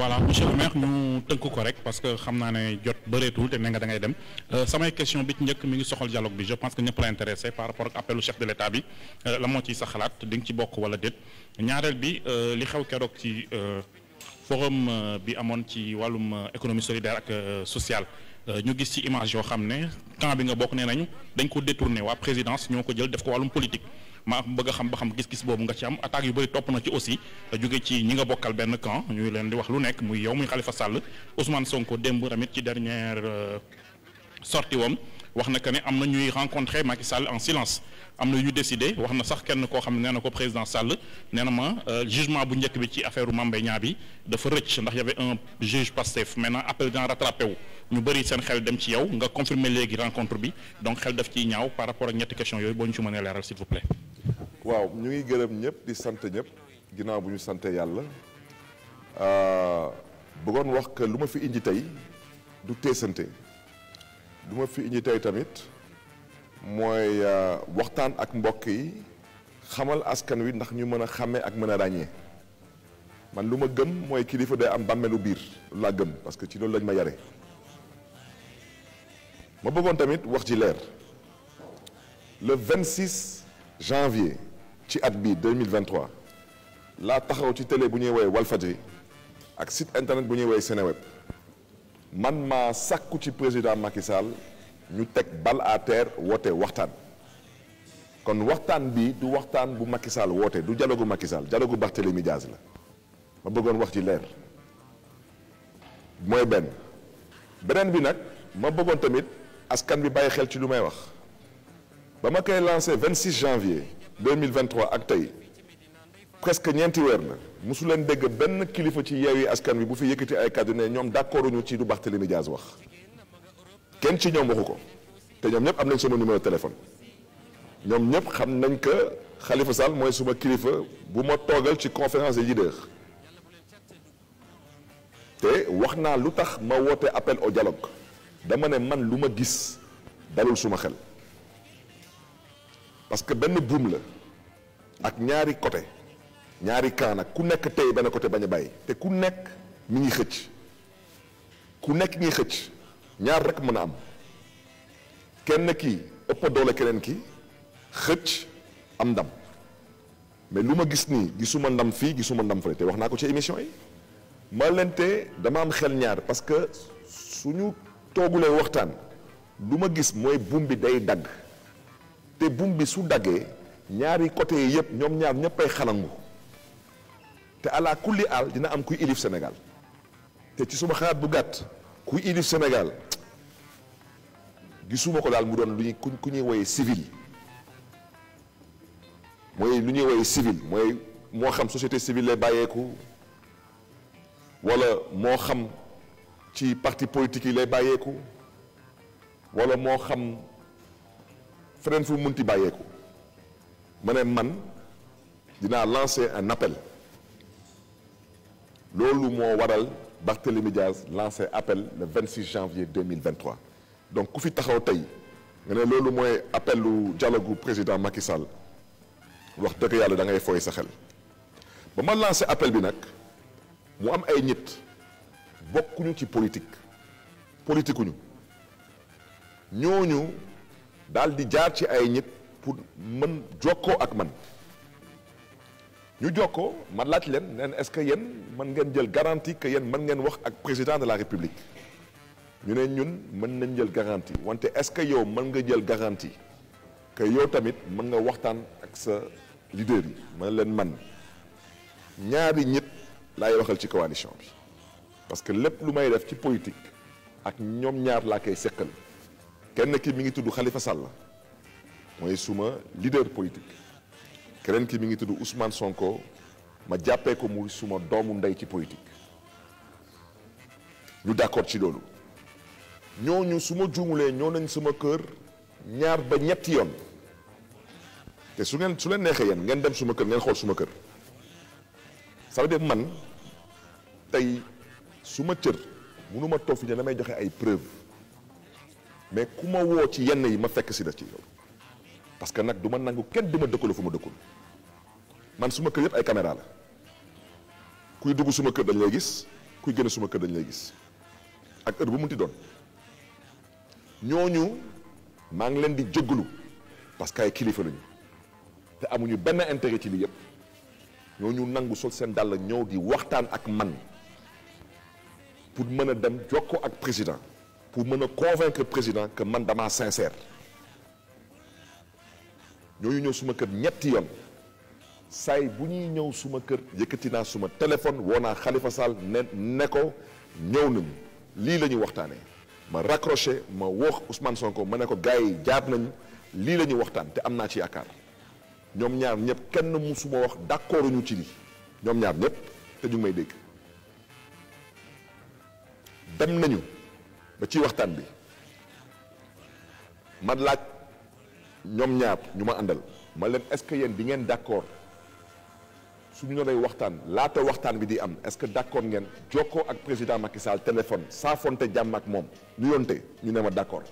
voilà monsieur le ñu tënk ko rek parce que xam naa ne jot bëreetul te ne nga da ngay dem euh, samay question bi njëkk mi ngi soxal dialogue bi je pense que ñëpp la intéressé par rapport ak appelu euh, moo ciy sa xalaat di ci bokk wala déet ñaareel bi euh, li xew keroog ci forum bi amoon ci wàllum économie solidaire ak sociale ñu gis ci image yoo xam ne camp bi nga bokk nee nañu dañ ko détourné waa présidence ñoo ko jël def ko wàllum politique. maa bëgg xam ba xam gis-gis boobu nga ci am attaques yu bëri topp na ci aussi jóge ci ñi nga bokkal benn camp ñuy leen di wax lu nekk muy yow muy Khalifa Sall Ousmane Sonko démb tamit ci dernière euh, sortie woom wax na que ne am na ñuy rencontré Macky Sall en silence am na ñu décidé wax na sax kenn koo xam ne nee na ko président Sall nee na ma euh, jugement bu njëkk bi ci affaire Mame Mbaye bi dafa rëcc ndax y avait un juge Pastef maintenant appel d'en rattrapé wu. ñu bëri seen xel dem ci yow nga confirmer léegi rencontre bi donc xel def ciy ñaaw par rapport ak ñetti question yooyu boo ñu ci mënee leeral s'il vous plaît. waaw ñu ngi gërëm ñëpp di sant ñëpp ginnaaw bu ñu sante yàlla euh, bëggoon wax que lu ma fi indi tey du teesante lu ma fi indi tey tamit mooy euh, waxtaan ak mbokk yi xamal askan wi ndax ñu mën a xàmmee ak mën a ràññee man lu ma gëm mooy kilifa day am bàmmeelu biir laa gëm parce que ci loolu lañ ma yare ma bëggoon tamit wax ci leer le 26 janvier ci at bii 2023 laa taxaw ci télé bu ñuy woowee Walfadjri ak site internet bu ñuy woowee Seneweb man ma sàkku ci président Macky ñu teg bal à terre woote waxtaan kon waxtaan bi du waxtaan bu Macky Sall woote du dialogu Macky Sall dialogu Barthélémy Diaz la ma bëggoon wax ci leer mooy benn beneen bi nag ma bëggoon tamit askan bi bàyyi xel ci lu may wax ba ma koy lancé 26 janvier 2023 ak tey presque ñeenti weer na mosu leen dégg benn kilifa ci yeewi askan bi bu fi yëkkati ay kàddu ne ñoom d'accordu ñu ci lu Barthélémy Dias wax kenn ci ñoom waxu ko te ñoom ñëpp am nañ sama numéro téléphone ñoom ñëpp xam nañ ko xalifa Sall mooy suma kilifa bu ma toogal ci conférence des leaders te wax naa lu tax ma woote appel au dialogue dama ne man lu ma gis dalul suma xel parce que benn buum la ak ñaari côté ñaari camp nag ku nekk tey benn côté bañ a bàyyi te ku nekk mi ngi xëcc ku nekk ngi xëcc ñaar rekk mën a am kenn ki ëpp doole keneen ki xëcc am ndam mais lu ma gis nii gisuma ndam fii gisuma ndam fële te wax naa ko ci émission yi ma leen te dama am xel ñaar parce que suñu toogulee waxtaan lu ma gis mooy buum bi day dagg te buum bi su daggee ñaari côté yi yëpp ñoom ñaar ñëppay xalangu te ala kulli al dina am kuy ilif Sénégal te ci suma xalaat bu gàtt kuy ilif Sénégal gisuma ko daal mu doon lu ñuy ku ñuy woyee civil mooy lu ñuy woyee civil mooy moo xam société civile lay bàyyeeku walla moo xam ci parti politique yi lay bàyyeeku wala moo xam feneen fu munti bàyyeeku ma ne man dinaa lancer un appel loolu moo waral Barthélémy Diaz lancer appel le 26 janvier 2023 donc ku fi taxaw tey nga ne loolu mooy appel lu dialogue président Macky Sall wax dëgg yàlla da ngay fooy sa xel ba ma lancer appel bi nag mu am ay nit. bokkuñu ci politique politikuñu ñooñu daal di jaar ci ay ñit pour mën jokkoo ak man ñu jokkoo man laaj leen neen est-ce que yéen mën ngeen jël garanti que yéen mën ngeen wax ak président de la république ñu ne ñun mën nañ jël garanti wante est-ce que yow mën nga jël garantie que yow tamit mën nga waxtaan ak sa leader yi mën leen man ñaari ñit laay waxal ci coalition bi parce que lépp lu may def ci politique ak ñoom ñaar laa koy seqal kenn ki mi ngi tudd xalifa Sall mooy suma leader politique keneen ki mi ngi tudd Ousmane Sonko ma jàppee ko mu suma doomu ndey ci politique ñu d'accord ci loolu ñooñu su ma juumulee ñoo nañ suma kër ñaar ba ñetti yoon te su ngeen su leen neexee yéen ngeen dem suma kër ngeen xool suma kër ça veut dire man tey su ma cër mënu ma toog fi ne damay joxe ay preuve mais ku ma woo ci yenn yi ma fekk si la ci yow parce que nag du ma nangu kenn di ma dëkkaloo fu ma dëkkul man su ma kër yëpp ay caméra la kuy dugg suma kër dañ lay gis kuy génn suma kër dañ lay gis ak heure bu munti doon ñoo ñooñu maa ngi leen di jéggalu parce que ay kilifa lañu te amuñu benn intérêt ci lii yëpp ñu nangu sol seen dàll ñëw di waxtaan ak man pour mën a dem jokkoo ak président pour mën a convaincre président que man damaa sincère ñooñu ñëw suma kër ñetti yoon saay bu ñuy ñëw suma kër yëkkati naa suma téléphone woo naa Khalifa Sall ne ne ko ñëw nañu lii la ñuy waxtaanee ma raccroché ma wax Ousmane Sonko ma ne ko gars yi jaar nañu lii la ñuy waxtaan te am naa ci yaakaar ñoom ñaar ñëpp kenn mu suma wax d'accorduñu ci lii ñoom ñaar ñëpp te ñu ngi may dégg. dem nañu ba ci waxtaan bi man laaj ñoom ñaar ñu ma àndal ma leen est-ce que yéen di ngeen d'accord suñu ñu doon waxtaan laata waxtaan bi di am est-ce que d'accord ngeen jokkoo ak président Macky Sall téléphone saa fonte jàmm ak moom ñu yonte ñu ne ma d'accord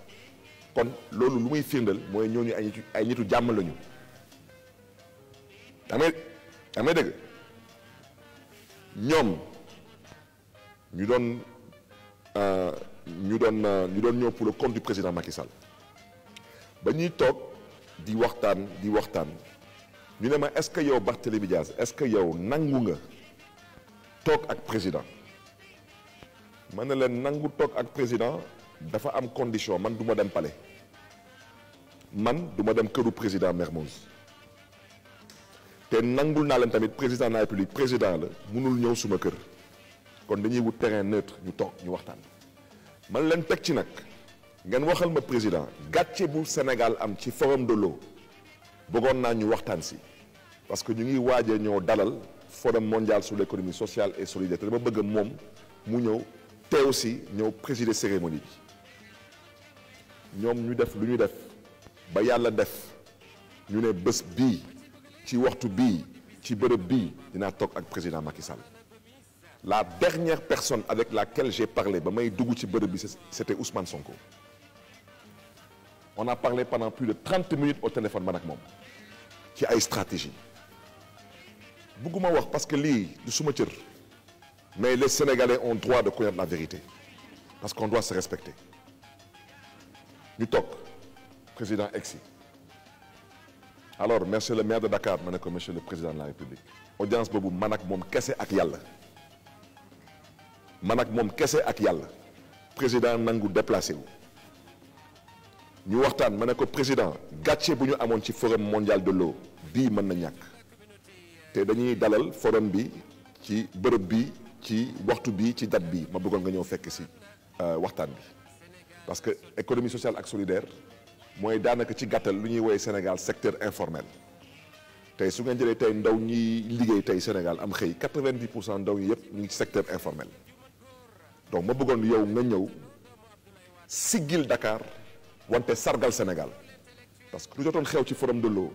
kon loolu lu muy firndal mooy ñooñu ay nitu jàmm lañu. damay damay dëgg ñoom ñu doon. Euh, ñu doon euh, ñu doon ñëw pour le compte du président Macky Sall ba ñuy toog di waxtaan di waxtaan ñu ne ma est-ce que yow Barthélémy Diaz est-ce que yow nangu nga toog ak président ma ne leen nangu toog ak président dafa am condition man du ma dem palais man duma dem këru président Mermoz te nangul naa leen tamit président de la République président la mënul ñëw suma kër kon dañuy wut terrain neutre ñu toog ñu waxtaan man leen teg ci nag ngeen waxal ma président gàcce bu Sénégal am ci forum de l'eau bëggoon naa ñu waxtaan si parce que ñu ngi waaja a ñëw dalal forum mondial sur l'économie sociale et solidaire te dama bëgg moom mu ñëw teew si ñëw présider cérémonie bi ñoom ñu def lu ñu def ba yàlla def ñu ne bés bii ci waxtu bii ci bërëb bii dinaa toog ak président Macky Sall la dernière personne avec laquelle j'ai parlé ba may dugg ci bërëb bi c'était Ousmane Sonko on a parlé pendant plus de trente minutes au téléphone man ak moom ci ay stratégie bëgguma wax parce que lii du suma mais les Sénégalais ont droit de connaître la vérité parce qu'on doit se respecter ñu toog président exi alors monsieur le maire de Dakar ma ne ko monsieur le président de la République audience boobu man ak moom kese ak yàlla man ak moom kese ak yàlla président nangu déplacé wu ñu waxtaan ma ne ko président gàcce bu ñu amoon ci forum mondial de l'eau bii mën na ñàkk te dañuy dalal forum bi ci bërëb bi ci waxtu bi ci date bi ma bëggoon nga ñëw fekk si euh, waxtaan bi parce que économie sociale ak solidaire mooy daanaka ci gàttal lu ñuy woowee Sénégal secteur informel te su ngeen jëlee tey ndaw ñi liggéey tey Sénégal am xëy 90 pour cent ndaw ñi yëpp ñu ngi ci secteur informel donc ma bëggoon yow nga ñëw siggil dakaar wante sargal Sénégal parce que lu jotoon xew ci forum de l'eau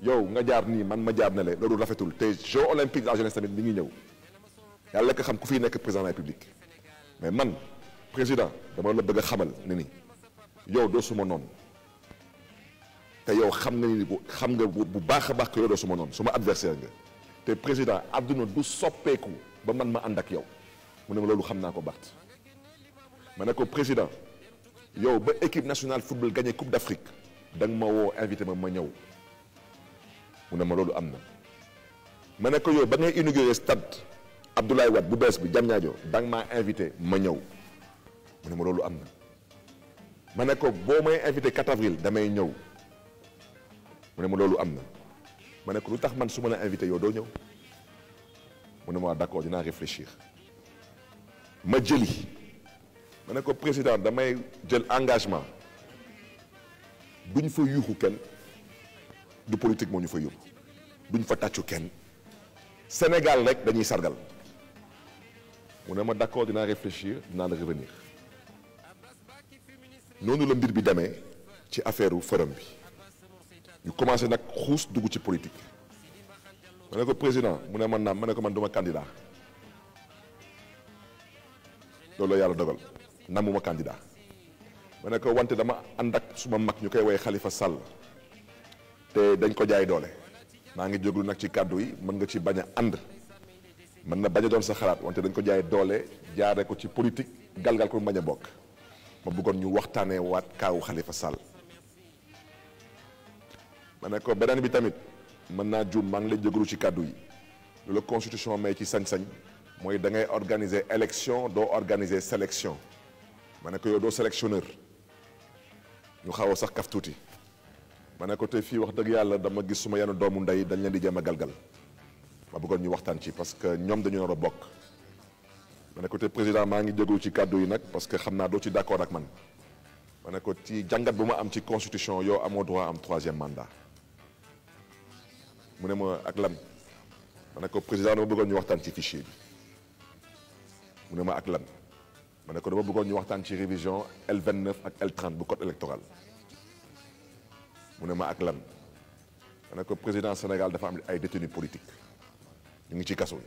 yow nga jaar nii man ma jaar na le loolu rafetul te Jeux olympiques de la jeunesse tamit mi ngi ñëw yàlla ko xam ku fiy nekk président de la République mais man président dama la bëgg a xamal ne ni yow doo suma noonu te yow xam nga xam nga bu baax a baax que yow doo suma noonu suma adversaire nga te président àdduna du soppeeku ba man ma ànd ak yow mu ne ma loolu xam naa ko Bart ma ne ko président yow ba équipe nationale football gagné coupe d'Afrique da nga ma woo invité ma ma ñëw mu ne ma loolu am na ma ne ko yow ba ngay inauguré stade Abdoulaye Wade bu bees bi Diamniadio da nga invité ma ñëw mu ne ma loolu am na boo may invité 4 avril damay ñëw mu ne ma loolu am na ma ne ko lu tax man su ma la invité yow doo ñëw mu ne ma d'accord dinaa réfléchir ma jëli ma ne ko président damay jël engagement duñ fa yuuxu kenn du politique moo ñu fa yóbbu duñ fa tàccu kenn Sénégal rek dañuy sargal mu ne ma d'accord dinaa réfléchir dinaa la revenir noonu la mbir bi demee ci affaire u forum bi ñu commencé nag xuus dugg ci politique ma ne ko président mu ne man naam ma ne ko man duma candidat loolu yàlla dogal namuma candidat ma ne ko wante dama ànd ak su ma mag ñu koy woy xalifa Sall te dañ ko jaay doole maa ngi jóglu nag ci kàddu yi mën nga ci bañ a ànd mën na bañ a doon sa xalaat wante dañ ko jaay doole jaare ko ci politique galgal ko bañ a bokk ma buggoon ñu waxtaanee waat kaawu xalifa Sall ma ne ko beneen bi tamit mën naa juum maa ngi lay jóglu ci kàddu yi la constitution may ci sañ-sañ mooy da ngay organiser élection doo organiser sélection ma ne ko yow doo sélectionneur ñu xaw a sax kaf tuuti ma ne ko te fii wax dëgg yàlla dama gis suma yenn doomu ndey dañ leen di jéem a galgal ma bëggoon ñu waxtaan ci parce que ñoom dañu nar a bokk ma ne ko te président maa ngi jégalu ci kàddu yi nag parce que xam naa doo ci d'accord ak man ma ne ko ci jàngat bu ma am ci constitution yow amoo droit am troisième mandat mu ne ma ak lan ma ne ko président dama bëggoon ñu waxtaan ci fichier mu ne ma ak lan ma ne ko dama bëggoon ñu waxtaan ci révision L29 ak l bu code électoral mu ne ma ak lan ma ne ko président Sénégal dafa am ay détenus politiques ñu ngi ci kaso yi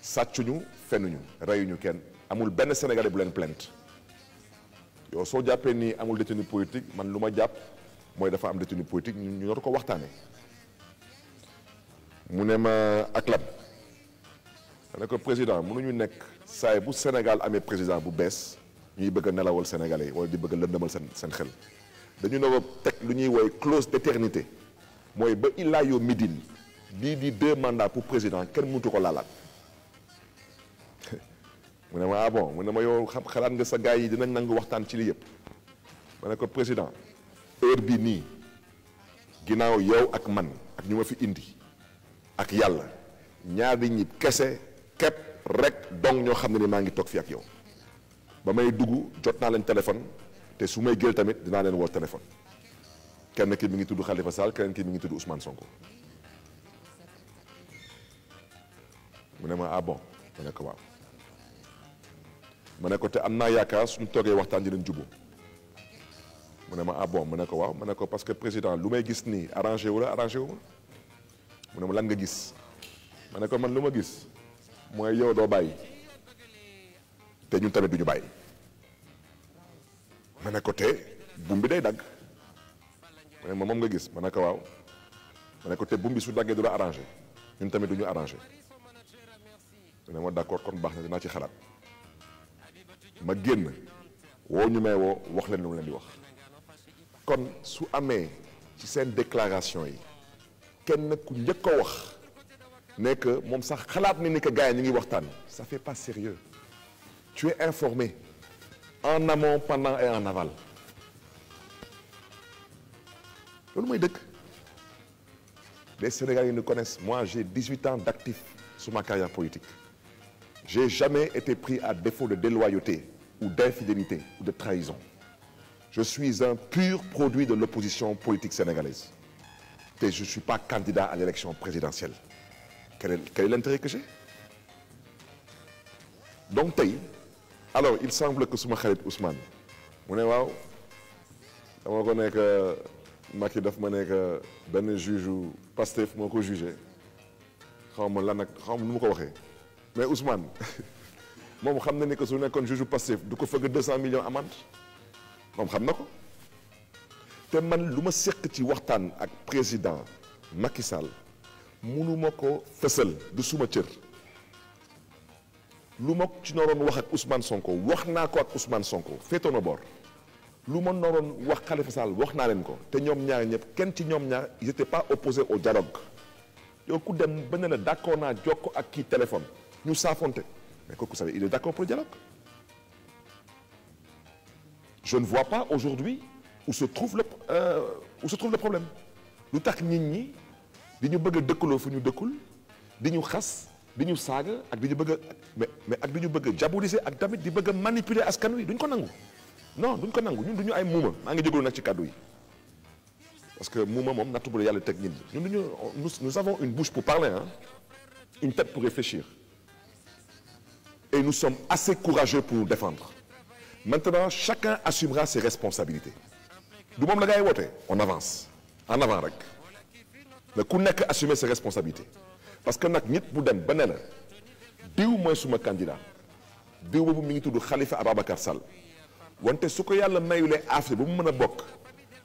sàccuñu fenuñu reyuñu kenn amul benn Sénégalais bu leen plainte yow soo jàppee nii amul détenu politique man lu ma jàpp mooy dafa am détenu politique ñu nar ko waxtaanee mu ne ma ak lan ma ne ko président mënuñu nekk. saay bu Sénégal amee président bu bees ñuy bëgg a nelawal sénégalais yi wala di bëgg a lëndëmal seen seen xel dañu nar a teg lu ñuy woy clause d'éternité mooy ba illaa yoo midin lii di deux mandats pour président kenn mëntu ko laalaat mu ne ma ah mu ne ma yow xam xalaat nga sa gars yi dinañ nangu waxtaan ci li yëpp ma ne ko président heure bi nii ginnaaw yow ak man ak ñu ma fi indi ak yàlla ñaar ñaari ñi kese képp rek donc ñoo xam ne ni maa ngi toog fi ak yow ba may dugg jot naa leen téléphone te su may gél tamit dinaa leen woo téléphone kenn ki mi ngi tudd Khalifa Sall keneen ki mi ngi tudd Ousmane Sonko mu ne ma ah bon ma ne ko waaw ma ne ko te yaakaar suñu toogee waxtaan dinañ jubóo mu ne ma ah bon ma ne ko waaw ma ne parce que président lu may gis nii arrangé wu la arrangé wu ma mu ne ma lan nga gis ma ne ko man lu ma gis mooy yow doo bàyyi te ñun tamit du ñu bàyyi ma ne ko te buum bi day dagg ma ne ma moom nga gis ma ne ko waaw ma ne ko te buum bi su daggee du la arrangé ñun tamit du ñu arrangé ma ne ma d'accord kon baax na dinaa ci xalaat ma génn woo ñu may woo wax leen lu mu leen di wax kon su amee ci seen déclaration yi kenn ku njëkk ko wax ne que moom sax xalaat na ni que gars yi ñu ngi waxtaan ça fait pas sérieux tu es informé en amont pendant et en aval loolu mooy dëkk les Sénégalais yi nous connaissent moi j'ai 18 ans d'actif sur ma carrière politique j'ai jamais été pris à défaut de déloyauté ou d'infidélité ou de trahison je suis un pur produit de l'opposition politique sénégalaise et je ne suis pas candidat à l'élection présidentielle quel est quel est l'intérêt donc tey alors il semble que suma xarit Ousmane mu ne waaw dama ko nekk Macky daf ma nekk benn juge ou Pastef moo ko jugé xaw ma lan nag xaw ma nu mu ko waxee mais Ousmane moom xam na ni que su nekkoon juge Pastef du ko fëgg 200 millions amende moom xam na ko te man lu ma seq ci waxtaan ak président Macky Sall. munu munuma ko fësal du suma cër lu ma ci noroon wax ak Ousmane Sonko wax naa ko ak Ousmane Sonko féetoo na boor lu ma noroon wax Khalifa wax naa leen ko te ñoom ñaar ñëpp kenn ci ñoom ñaar ils étaient pas opposés au dialogue yow ku dem ba ne la d'accord naa jokko ak kii téléphone ñu saafonte mais kooku savez il est d'accord pour le dialogue je ne vois pas aujourd'hui où se trouve le euh, problème lu tax nit ñi di ñu bëgg a dëkkaloo fu ñu dëkkul di ñu xas di ñu saaga ak di ñu bëgg a mais mais ak di ñu bëgg a diaboliser ak tamit di bëgg a manipuler askan wi duñ ko nangu non duñ ko nangu ñun duñu ay muuma maa ngi jégalu nag ci kàddu yi parce que muuma moom nattu bu la yàlla teg ñun ñun duñu nous avons une bouche pour parler ah une tête pour réfléchir et nous sommes assez courageux pour nous défendre maintenant chacun assumera ses responsabilités du moom la ngay woote on avance en avant rek mais ku nekk assumer ses responsabilités parce que nag nit bu dem ba ne diw mooy suma candidat diw boobu mi ngi tudd Khalifa Ababacar Sall wante su ko yàlla mayule affaire ba mu mën a bokk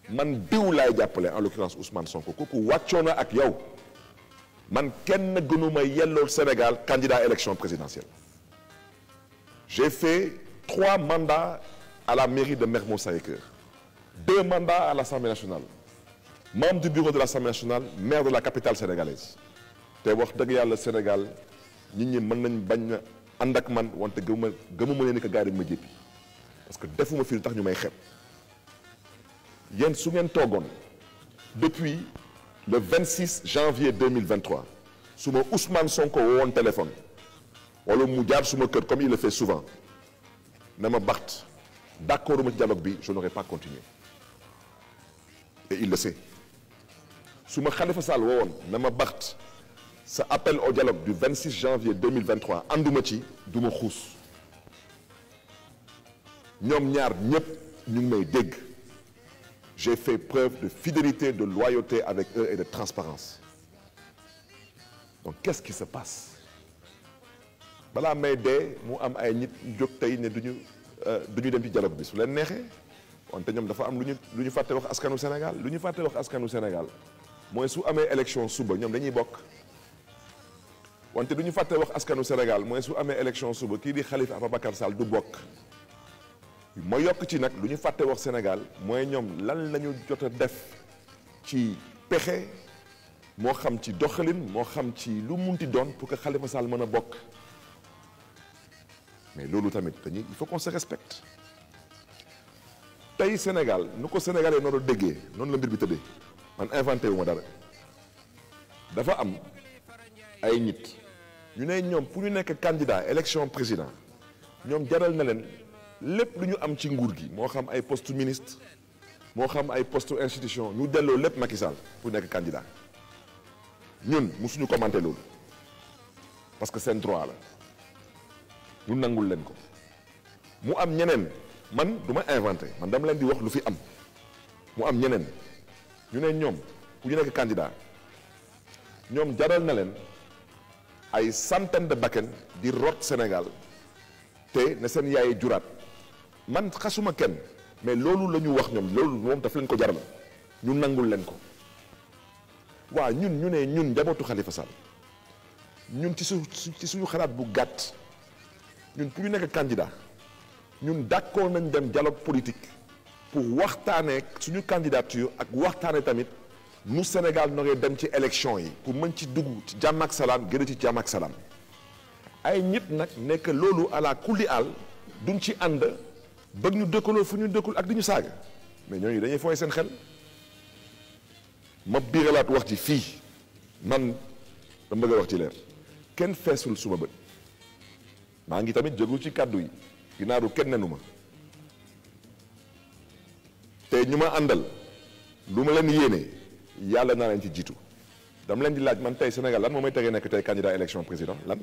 man diw laay jàppale en l'occurrence Ousmane Sonko kooku wàccoo na ak yow man kenn gënuma yellool Sénégal candidat élection présidentielle j'ai fait trois mandats à la mairie de Mermoz Sacré-Cœur deux mandats à l'Assemblée nationale membre du bureau de l'Assemblée nationale maire de la capitale sénégalaise te wax dëgg yàlla Sénégal nit ñi mën nañ bañ na ànd ak man wante gëmuma gëmuma leen ni que gars yi dañ ma jéppi parce que defuma fi lu tax ñu may xeeb yéen su ngeen toogoon depuis le 26 janvier 2023 su ma Ousmane Sonko woon téléphone wala mu jaar suma kër comme il le fait souvent na ma Barth d'accord uma ci dialogue bi je n'aurais pas continué et il le su ma Khalifa Sall woowoon na ma baxt sa appel au dialogue du 26 janvier 2023 ànduma ci du ma xuus ñoom ñaar ñëpp ñu ngi may dégg j'ai fait preuve de fidélité de loyauté avec eux et de transparence donc qu'est-ce qui se passe balaa may dee mu am ay nit jóg tey ne duñu euh, duñu dem ci dialogue bi su leen neexee wante ñoom dafa am lu ñu lu ñu fàtte wax askanu Sénégal lu ñu fàtte wax askanu Sénégal mooy su amee élection suba ñoom dañuy bokk wante du ñu fàtte wax askanu Sénégal mooy su amee élection suba kii di Khalifa Ababacar Sall du bokk ma yokk ci nag lu ñu fàtte wax Sénégal mooy ñoom lan lañu jot a def ci pexe moo xam ci doxalin moo xam ci lu munti doon pour que Khalifa Sall mën a bokk mais loolu tamit dañuy il faut qu'on se respecte tey Sénégal nu ko sénégalais noonu déggee noonu la mbir bi tëddee man inventé wu ma dara dafa am ay nit ñu ne ñoom pour ñu nekk candidat élection président ñoom jaral na leen lépp lu ñu am ci nguur gi moo xam ay poste ministre moo xam ay poste institution ñu delloo lépp Macky Sall pour nekk candidat ñun musuñu commenté loolu parce que seen droit la ñu nangul leen ko mu am ñeneen man duma ma inventé man dama leen di wax lu fi am mu am ñeneen ñu ne ñoom ku ñu nekk candidat ñoom jaral na leen ay centaine de bakken di rot Sénégal te ne seen yaay juraat man xasuma kenn mais loolu lañu wax ñoom loolu moom daf leen ko jaral ñu nangul leen ko waa ñun ñu ne ñun njabootu xalifa Sall ñun ci su ci suñu xalaat bu gàtt ñun ku ñu nekk candidat ñun d'accord nañ dem dialogue politique pour waxtaanee suñu candidature ak waxtaanee tamit mu Sénégal noree dem ci élection yi pour mën ci dugg ci jàmm ak salaam gën ci jàmm salaan ay ñit nag nekk loolu ala kulli àll duñ ci ànd bëgg ñu dëkkaloo fu ñu dëkkul ak di ñu saaga mais ñooyu dañuy fooy seen xel ma biiralaat wax ci fii man dama bëgg a wax ci leer kenn feesul suma bët maa ngi tamit jógul ci kàddu yi ginnaaru kenn nenu ma te ñu ma àndal lu ma leen yéene yàlla naa leen ci jiitu dama leen di laaj man tey Sénégal lan moo may teree nekk tey candidat élection président lan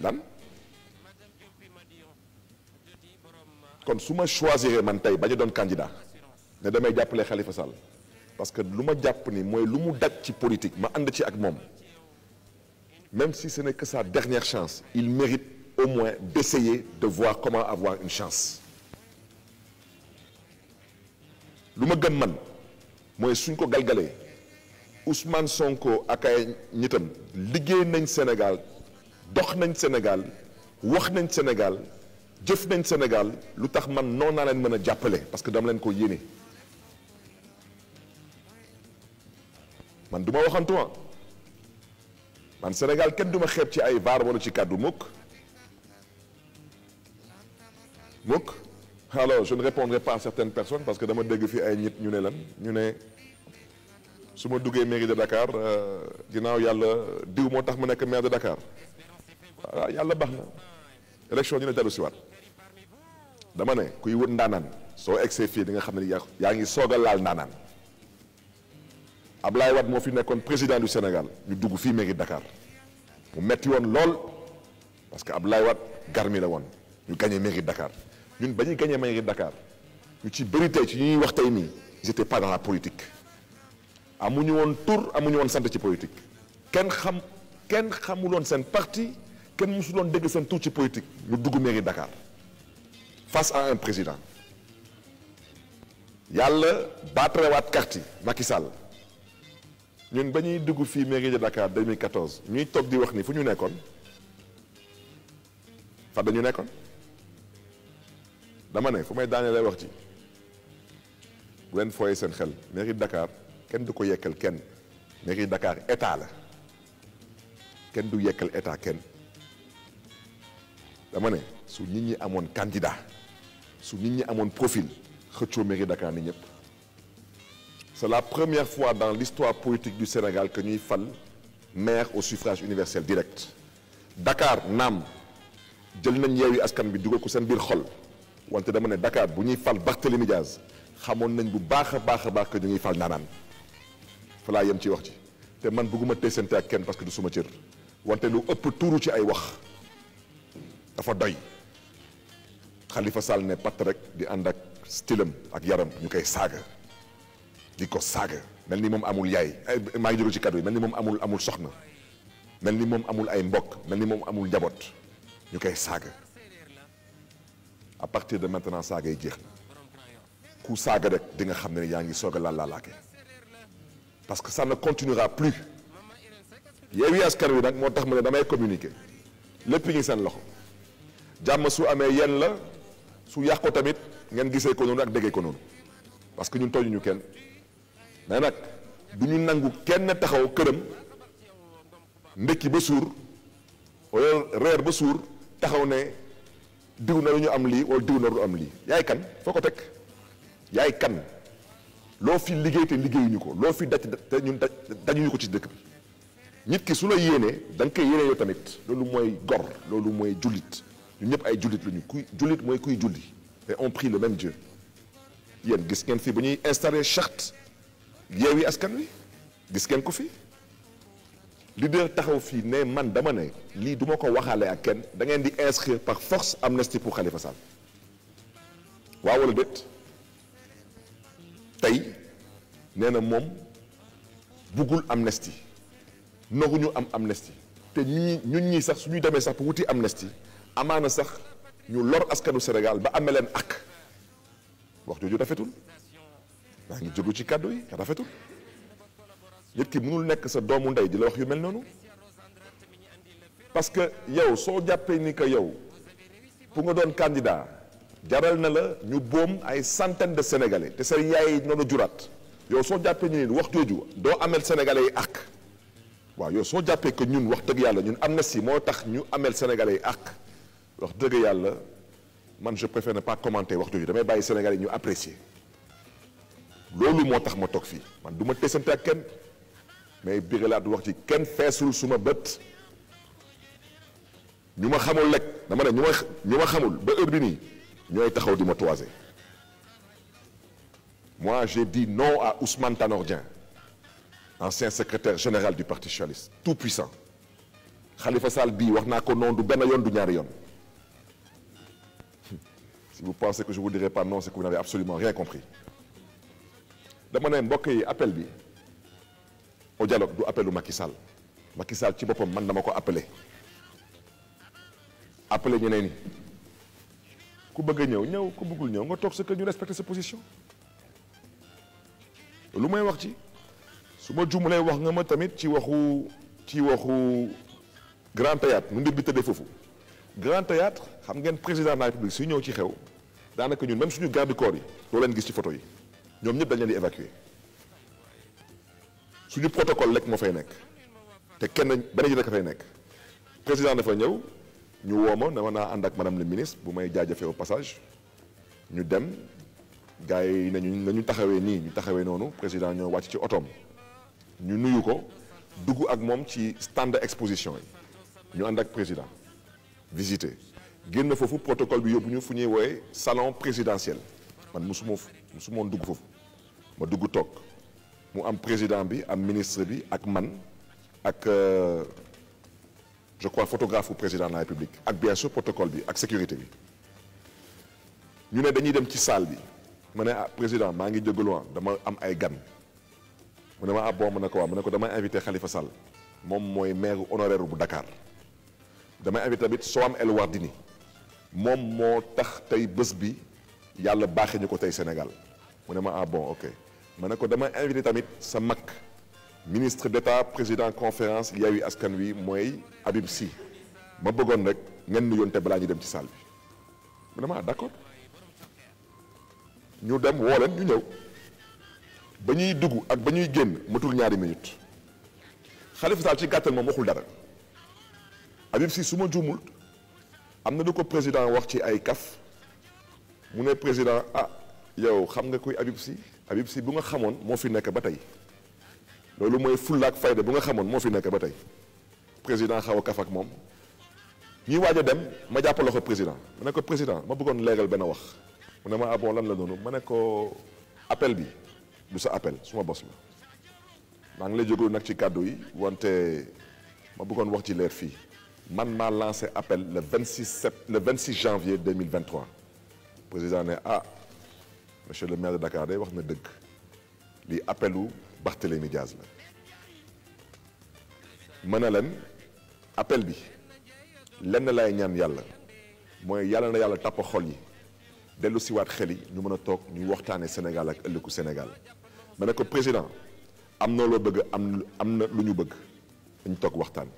lan kon su ma choisiré man tey bañ a doon candidat ne damay jàppale Khalifa Sall parce que lu ma jàpp ni mooy lu mu daj ci politique ma ànd ci ak moom même si ce n'est que sa dernière chance il mérite au moins d'essayer de voir comment avoir une chance lu ma gëm man mooy suñ ko galgalee Ousmane Sonko ak ay ñitam liggéey nañ Sénégal dox nañ Sénégal wax nañ Sénégal jëf nañ Sénégal lu tax man noonu naa leen mën a jàppale parce que dama leen ko yéene man du ma waxantuma man Sénégal kenn du ma ci ay vaar wala ci kàddu mukk mukk alors je ne répondrai pas à certaines personnes parce que dama dégg fi ay nit ñu ne lan ñu ne su ma duggee mairie de Dakar euh, ginnaaw yàlla diw moo tax ma nekk maire de Dakar yàlla baax na élection ñu ne dellu siwaat dama ne kuy wut ndaanaan soo egsee fii di nga xam ne yaa ngi soog a laal ndaanaan Ablaye Wade moo fi nekkoon président du Sénégal ñu dugg fii mairie de Dakar mu metti woon lool parce que Ablaye wat garmi la woon ñu gagné mairie de Dakar ñun ba ñuy gagné mairie Dakar ñu ci bëri tey ci ñuy wax tey nii ils étaient pas dans la politique amuñu woon tur amuñu woon sant ci politique kenn xam kenn xamuloon seen parti kenn mosuloon dégg seen tur ci politique ñu dugg mairie Dakar face à un président yàlla baatrewaat carte yi Macky Sall ñun ba ñuy dugg fii mairie de Dakar 2014 ñuy toog di wax nii fu ñu nekkoon fa dañu nekkoon. dama ne fu may daane lay wax ci bu leen fooyee seen xel mairie Dakar kenn du ko yekkal kenn mairie Dakar état la kenn du yekkal état kenn dama ne su nit ñi amoon candidat su nit ñi amoon profil xëccoo mairie Dakar ni ñëpp c'est la première fois dans l'histoire politique du Sénégal que ñuy fal maire au suffrage universel direct Dakar naam jël nañ yeewi askan bi dugal ko seen biir xol wante dama ne dakaat bu ñuy fal Barthélémy Diaz xamoon nañ bu baax a baax a baax ñu ngi fal naanaan fa laa yem ci wax ji te man bëgguma teesante ak kenn parce que du suma cër wante lu ëpp tuuru ci ay wax dafa doy Khalifa Sall ne patt rek di ànd ak stylam ak yaram ñu koy saaga di ko saaga mel ni moom amul yaay maa ngi jóge ci kàddu yi mel ni moom amul amul soxna mel ni moom amul ay mbokk mel ni moom amul njaboot ñu koy saaga à partir de maintenant saaga yi jeex na ku saaga rek di nga xam ne yaa ngi soog a laalaalaake parce que ça ne continuera plus Yewwi Askan Wi nag moo tax ma ne damay communiquer lépp ngi seen loxo jàmm su amee yenn la su yàq ko tamit ngeen gisee ko noonu ak déggee ko noonu parce que ñun tooñuñu kenn mais nag du ñu nangu kenn taxaw këram ndekki ba suur walla reer ba suur taxaw ne. diw na lu ñu am lii wala diw na lu am lii yaay kan foo ko teg yaay kan loo fi liggéey te liggéeyuñu ko loo fi daj te ñun dajuñu ko ci dëkk bi nit ki su la yéenee da nga koy yéenee tamit loolu mooy gor loolu mooy jullit ñun ñëpp ay jullit lañu kuy jullit mooy kuy julli et on prie le même Dieu yéen gis ngeen fii ba ñuy installé charte Yewwi Askan Wi gis ngeen ko fi leader taxaw fii ne man dama ne lii du ma ko waxaale ak kenn dangeen di inscrire par force amnistie pour Khalifa Sall waaw wala déet tey nee na moom buggul amnistie noxuñu am amnistie te ñi ñun ñii sax suñuy demee sax pour wuti amnistie amaana sax ñu lor askanu Sénégal ba amee leen ak wax jooju rafetul maa ngi jógu ci kàddu yi rafetul nit ki mënul nekk sa doomu ndey di la wax yu mel noonu parce que yow soo jàppee ni que yow pour nga doon candidat jaral na la ñu boom ay centaine de sénégalais te sa yaay noonu juraat yow soo jàppee ni wax jooju doo amel sénégalais yi ak waaw yow soo jàppee que ñun wax dëgg yàlla ñun amnistie moo tax ñu amel sénégalais yi ak wax dëgg yàlla man je préfère ne pas commenter wax jooju damay bàyyi sénégalais yi ñu apprécier loolu moo tax ma toog fii ma mais biralaat wax ci kenn feesul suma bët ñu ma xamul rek dama ne ñu ma ñu ma xamul ba heure ñooy taxaw di ma toiser moi j'ai dit non à Ousmane Tanor Dieng ancien secrétaire général du parti socialiste tout puissant Khalifa Sall bii wax naa ko non du benn yoon du ñaari yoon si vous pensez que je vous dirai pas non c'est que vous n'avez absolument rien compris dama ne mbokk yi appel bi au dialogue du appelu Macky Sall Macky Sall ci boppam man dama ko appelé apple ñeneen ñi ku bëgg a ñëw ñëw ku bëggul ñëw nga toog sa kër ñu respecté sa position lu may wax ci su ma jumlee wax nga ma tamit ci waxu ci waxu grand théâtre nu mbir bi tëddee foofu grand théâtre xam ngeen président de la république su ñëw ci xew daanaka ñun même suñu garde corps yi doo leen gis ci photo yi ñoom ñëpp dañ leen di évacuer suñu protocole rek moo fay nekk te kenn benn ji rek fay nekk président dafa ñëw ñu woo ma ne ma naa ànd ak madame le ministre bu may jaajëfee au passage ñu dem gars yi nañu nañu taxawee nii ñu taxawee noonu président ñoo wàcc ci otoom ñu nuyu ko dugg ak moom ci stand exposition yi ñu ànd ak président visiter génn foofu protocole bi yóbbu ñu fu ñuy wooye salon présidentiel man su musumoon dugg foofu ma dugg toog mu am président bi am ministre bi ak man ak euh, je crois photographe bu président de la république ak bien sûr protocole bi ak sécurité bi ñu ne dañuy dem ci salle bi ma ne ah président maa ngi jégaluwaan ah, dama am ay gan mu ne ma ah bon ma ne ko waa ma ne ko damay invité xalifa Sall moom mooy maire honoraire bu Dakar damay invité tamit soo Soham El Wardini moom moo tax tey bés bi yàlla baaxee ñu ko tey Sénégal mu ne ma ah bon ok. ma ne ko dama invité tamit sa mag ministre d'État président conférence Yewwi Askan Wi mooy Habib Sy ma bëggoon rek ngeen nuyoonte balaa ñu dem ci salle bi mu ne ma ah, ñu dem woo leen ñu ñëw ba ñuy dugg ak ba ñuy génn matul ñaari minutes Khalifa Sall ci gàttal moom waxul dara Habib Sy su ma juumul am na du ko président wax ci ay kaf mu ne président ah yow xam nga kuy Habib Sy Habib Sy bu nga xamoon moo fi nekk ba tey loolu mooy fullaak fayda bu nga xamoon moo fi nekk ba tey président xaw a ak moom ñuy waaj a dem ma jàppale ko président ma ne ko président ma bëggoon leeral benn wax mu ne ma abon ah lan la noonu ma ne ko appel bi du sa appel suma bos la maa ngi lay jógalu nag ci kàddu yi wante ma bëggoon wax ci leer fii man maa lancé appel le 26 sept le 26 janvier 2023 président ne ah monsieur le maire de Dakar day wax na dëgg lii appelu Barthélémy Diaz la mën a leen appel bi lenn lay ñaan yàlla mooy yàlla na yàlla tàpp xol yi dellu siwaat xel yi ñu mën a toog ñuy waxtaane Sénégal ak ëllëgu Sénégal ma ne ko président am na loo bëgg am na lu ñu bëgg dañ toog waxtaan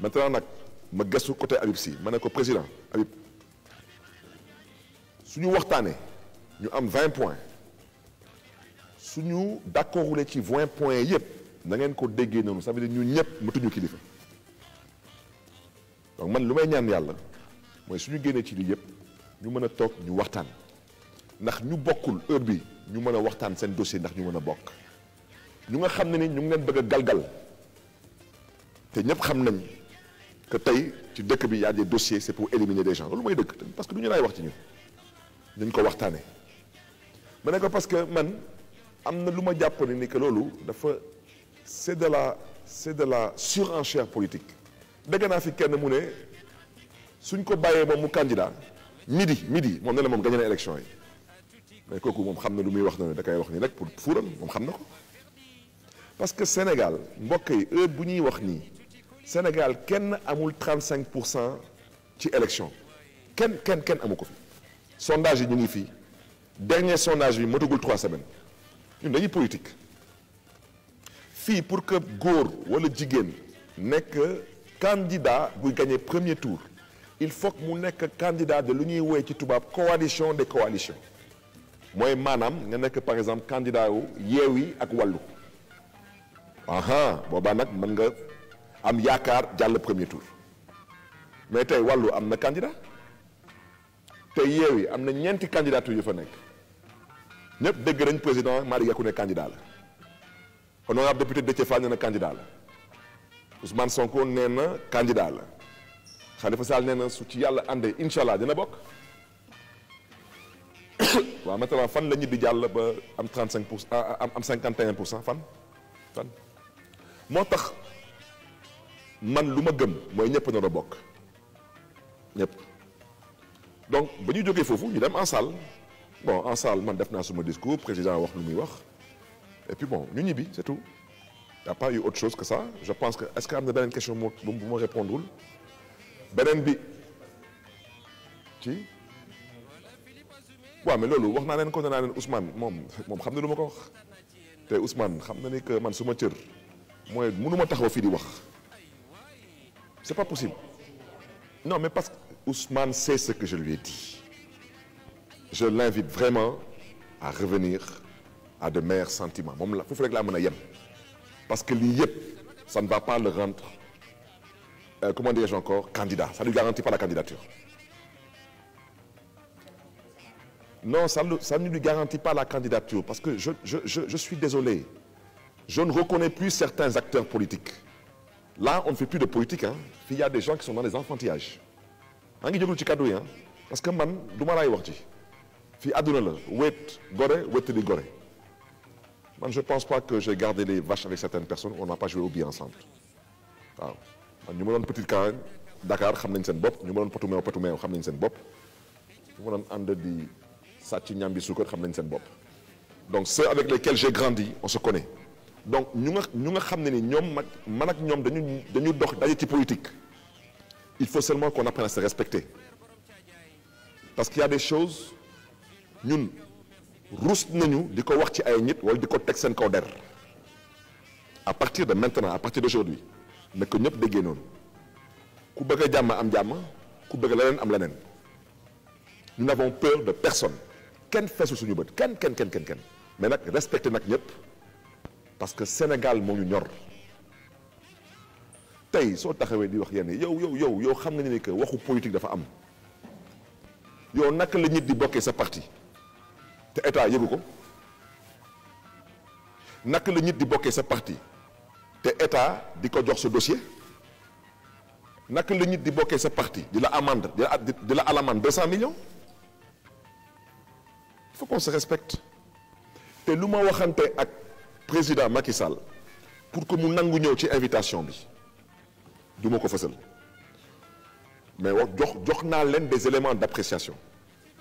maintenant nag ma gëstu côté Habib Sy ma ne ko président Habib suñu waxtaanee ñu am 20 points suñu d'accordulee ci 20 point yëpp na ngeen ko déggee noonu ça veut ñu ñëpp matuñu kilifa donc man lu may ñaan yàlla mooy suñu génnee ci lii yëpp ñu mën a toog ñu waxtaan ndax ñu bokkul heure bi ñu mën a waxtaan seen dossier ndax ñu mën a bokk ñu nga xam ne ni ñu ngi leen bëgg a galgal te ñëpp xam nañ que tey ci dëkk bi y a des dossiers c'est pour éliminer des gens loolu mooy dëkk parce que du ñu laay wax ci ñu nañ ko waxtaanee. ma ne ko parce que man am na lu ma jàpp ne ni que loolu dafa c'est de la c'est de la surenchère politique dégg naa fi kenn mu ne suñ ko bàyyee moom mu candidat midi midi moom ne la moom gagné na élection yi mais kooku moom xam na lu muy wax na da koy wax nii rek pour fuuram moom xam na ko parce que Sénégal mbokk yi heure bu ñuy wax nii Sénégal kenn amul 35 pour cent ci élection kenn kenn kenn amu ko fi sondage yi ñu ngi fii dernier sondage bi matagul trois semaines ñun dañuy politique fii pour que góor wala jigéen nekk kandidaa buy gagné premier tour il faut que mu nekk candidat de lu ñuy woowee ci tubaab coalition des coalitions mooy maanaam nga nekk par exemple candidat wu yi ak Wallu aha boobaa nag mën nga am yaakaar jàll premier tour mais tey Wallu am na candidat te yi am na ñeenti candidature yu fa nekk ñëpp dégg nañ président Malick Gakou ne candidat la am député Déthié Fall nee na candidat la Ousmane Sonko nee na candidat la Khalifa Sall nee na su ci yàlla àndee incha allah dina bokk waaw maintenant fan la ñu di jàll ba am 35 pour ah, am cinquante 51 pour cent fan fan moo tax man lu ma gëm mooy ñëpp na la bokk ñëpp donc ba ñu jógee foofu ñu dem en salle. bon en salle man def naa suma discours président wax lu muy wax et bon ñu ñibbi c'est tout y a pas eu autre chose que ça je pense que est-ce que am na beneen question bu ma bu ma répondrewul beneen bi ci waaw mais loolu wax naa leen ko ne naa moom moom xam na lu ma ko wax te Ousmane xam na ni que man suma cër mooy mënu ma taxaw fii di wax c'est pas possible non mais parce que Ousmane sait ce que je lui ai dit. je l'invite vraiment à revenir à de meilleurs sentiments moom la foofu rek mën a yem parce que lii yëpp ça ne va pas le rendre euh, comment dirais-je encore candidat ça ne lui garantit pas la candidature non la candidature parce que je je je je suis désolé je ne reconnais plus certains acteurs politiques là on ne fait plus de politique ah fii y a des gens qui sont dans des enfantillages maa ngi jégalu ci kàddu parce que man du ma laay wax ji. fii àdduna la wéet gore wéet di gore man je pense pas que j'ai gardé les vaches avec certaines personnes on n'a pas joué au billet ensemble waaw man ñu ma doon petite Kaolack Dakar xam nañ seen bopp ñu ma doon potu meew potu xam nañ seen bopp ñu ma doon ànd di sàcc ñambi suukar xam nañ seen bopp donc ceux avec lesquels j'ai grandi on se connaît donc ñu nga ñu nga xam ne ni ñoom mag man ak ñoom dañu dañu dox daje ci politique il faut seulement qu'on apprenne à se respecter parce qu'il y a des choses ñun rus nañu di ko wax ci ay nit wala di ko teg seen kaw der à partir de maintenant à partir d'aujourd'hui na ko ñëpp déggee noonu ku bëgg a jàmm am jàmm ku bëgg leneen am leneen nous n'avons de personne kenn feesu suñu bët kenn kenn kenn kenn nag respecté nag ñëpp parce que Sénégal moo ñu ñor tey soo taxawee di wax yenn yow yow yow yow xam nga ni que waxu politique dafa am yow naka lañu di bokkee sa parti te état yëgu ko naka la nit di bokkee sa parti te état di ko jox sa dossier naka la nit di bokkee sa parti di la amende di la di la alamande deux cent millions respecte te lu ma waxante ak président Macky Sall pour que mu nangu ñëw ci invitation bi du ma ko fësal mais wax jox jox naa leen des éléments d'appréciation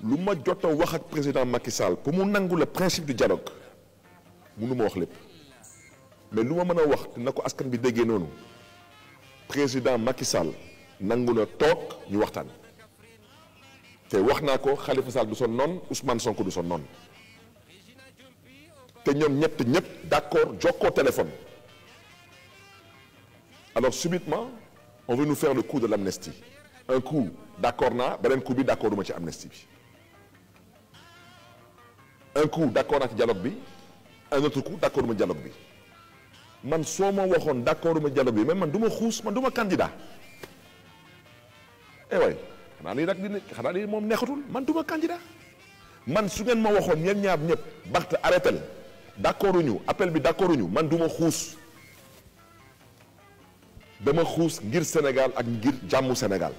lu ma jot a wax ak président Macky Sall pour mu nangu la principe du dialogue mënu ma wax lépp mais lu ma mën a wax na ko askan bi déggee noonu président Macky nangu na toog ñu waxtaan te wax naa ko Khalifa Sall du son noon Ousmane Sonko du son noon te ñoom ñett ñëpp d'accord jokkoo téléphone alors subitement on veut nous faire le coup de l'amnistie un coup d'accord naa beneen coup bi d'accord duma ci amnistie bi un coup d' accord ci dialogue bi un autre coup d' accord ma dialogue bi man soo ma waxoon d' accord ma dialogue bi mais man duma xuus man du ma candidat eh way xanaa lii nag dina xanaa moom neexatul man du man su ngeen ma waxoon yéen ñaar ñëpp baxte arrêté la d' accord uñu appel bi d' accord man duma xuus dama xuus ngir Sénégal ak ngir jàmmu Sénégal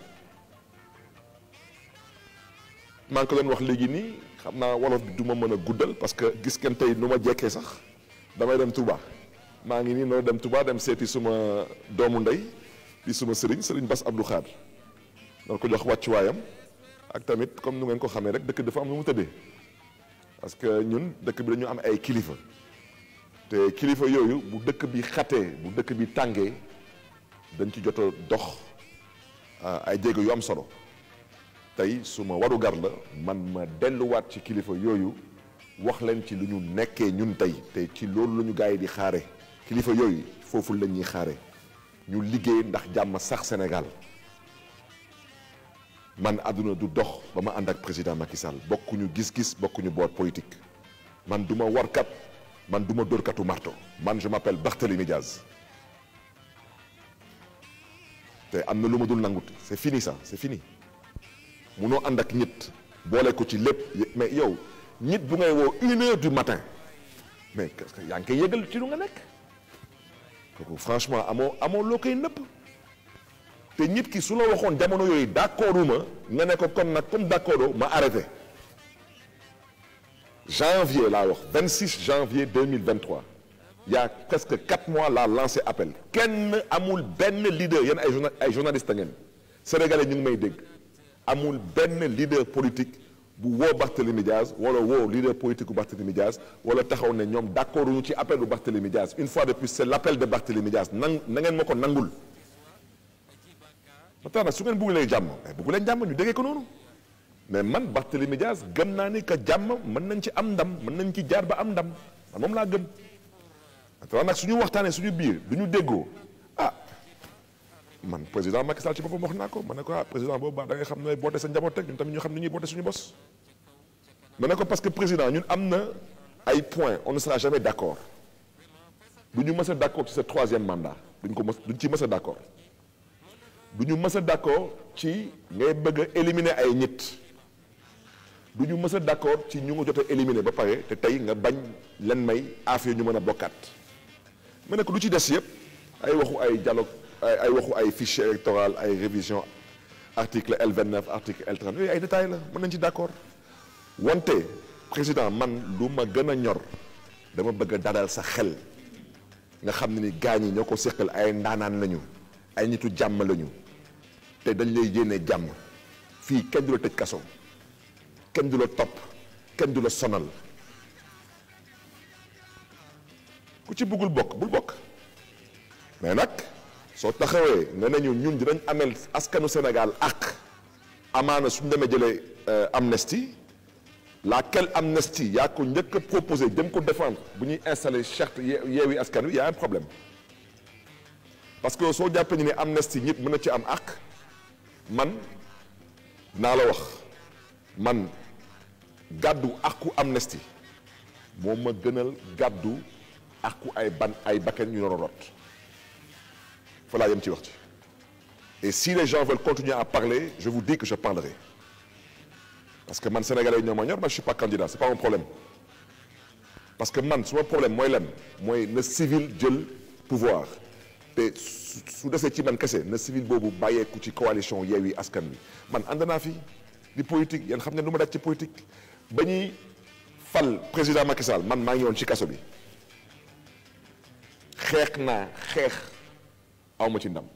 maa ngi ko doon wax léegi nii. xam naa wolof bi du ma mën a guddal parce que gis ngeen tey nu ma jekkee sax damay dem Touba maa ngi nii noonu dem tubaa dem seeti suma doomu ndey di suma sëriñ sëriñ Bass Abdou Khadre doon ko jox wàccuwaayam ak tamit comme nu ngeen ko xamee rek dëkk dafa am nu mu tëddee parce que ñun dëkk bi dañu am ay kilifa te kilifa yooyu bu dëkk bi xatee bu dëkk bi tàngee dañ ci joto dox ah, ay jéego yu am solo tey su ma waru gar la man ma delluwaat ci kilifa yooyu wax leen ci lu ñu nekkee ñun tey te ci loolu lañu ñu yi di xaare kilifa yooyu foofu lañuy xaare ñu liggéey ndax jàmm sax Sénégal man àdduna du dox ba ma ànd ak président Macky Sall bokkuñu gis-gis bokkuñu boor politik man du ma warkat man duma ma dóorkatu marto man je m'appelle Barthélémy Diaz te am na lu ma dul nangut c'est fini ça c'est fini munoo ànd ak nit boole ko ci lépp mais yow nit bu ngay woo une heure du matin mais yaa ngi koy yëgal ci lu nga nekk franchement amoo amoo loo koy nëbb te nit ki su la waxoon jamono yooyu d'accorduma nga ne ko kon nag comme d'accordo ma arrêté janvier laa wax 26 janvier 2023 il y a presque quatre mois laa lancé appel kenn amul benn leader yéen ay journal ay journaliste ngeen sénégalais ñu ngi may dégg. amul benn leader politique bu woo Barthélemy Diaz wala woo leader politique bu Barthélemy Diaz wala taxaw ne ñoom d'accord ñu ci appel bu Barthélemy Diaz une fois de plus c'est l'appel de Barthélemy Diaz nan na ngeen ma ko nangul maintenant su ngeen bëgg leen jàmm mais bëgg leen jàmm ñu déggee ko noonu mais man Barthélemy Diaz gëm naa ni que jàmm mën nañ ci am ndam mën nañ ci jaar ba am ndam man moom laa gëm maintenant nag suñu waxtaanee suñu biir du ñu déggoo man président Macky Sall ci boppam wax naa ko ma ne ko ah président boobu baax da ngay xam nooy sa njaboot rek tamit ñu xam ni ñuy boote suñu bos. ma ne ko parce que président ñun am na ay points on ne sera jamais d' accord du ñu mës a d' accord ci sa troisième mandat duñ ko mës duñ ci mës a d' accord ñu mës a d' accord ci ngay bëgg éliminer ay nit. du ñu mësa a d' accord ci ñu nga jot a éliminé ba pare te tey nga bañ leen may affaire ñu mën a bokkaat ma ne ko lu ci des yëpp ay waxu ay dialogue ay ay waxu ay fichier électoral ay révision article L29 article L30 yooyu ay la mën nañ ci d'accord wante président man lu ma gën a ñor dama bëgg a dalal sa xel nga xam ne ni gaañ yi ñoo ko seqal ay ndaanaan lañu ay nitu jàmm lañu te dañ lay yéene jàmm fii kenn du la tëj kaso kenn du la topp kenn du la sonal ku ci buggul bokk bul bokk mais nag soo taxawee nga ne ñu ñun dinañ amel askanu Sénégal ak amaana suñu demee jëlee euh, amnistie laquelle amnistie yaa ko njëkk a proposé jëm ko défendre bu ñuy installé charte yeewi askan wi yaa a un problème parce que soo jàppee ñu ne amnistie ñëpp mën na ci am ak man naa la wax man gàddu akku amnistie moo ma gënal gàddu akku ay ban ay bakkan ñu doon rot. falaa yem ci wax ci et si les gens veulent continuer à parler je vous dis que je parlerai parce que man sénégalais yi ñoo ma ñor man je suis pas candidat c'est pas mon problème parce que man suma problème mooy lan mooy na civil jël pouvoir te su desee ci man kese na civil boobu bàyyeeku ci coalition Yewwi Askan Wi man ànd naa fi di politique yéen xam ne nu ma daj ci politique ba ñuy fal président Macky Sall man maa ngi woon ci kaso bi xeex xeex aw ma ci ndam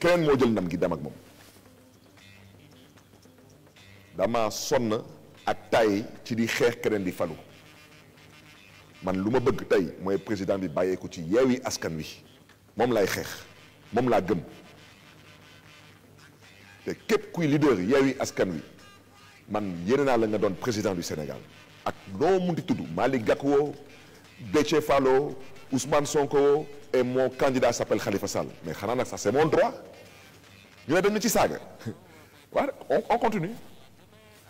keneen moo jël ndam gi dem ak moom dama sonn ak tay ci di xeex keneen di falu man lu ma bëgg tey mooy président bi bàyyeeku ci yeewi askan wi moom lay xeex moom laa gëm te képp kuy leader yeewi askan wi man yéene naa la nga doon président du Sénégal ak noo munti tudd Malick Gakou Déthié Fall Ousmane Sonko et mon candidat s'appelle Khalifa Sall mais xanaa nag ça c'est mon droit ñu ne dañu ci saaga waaw on continue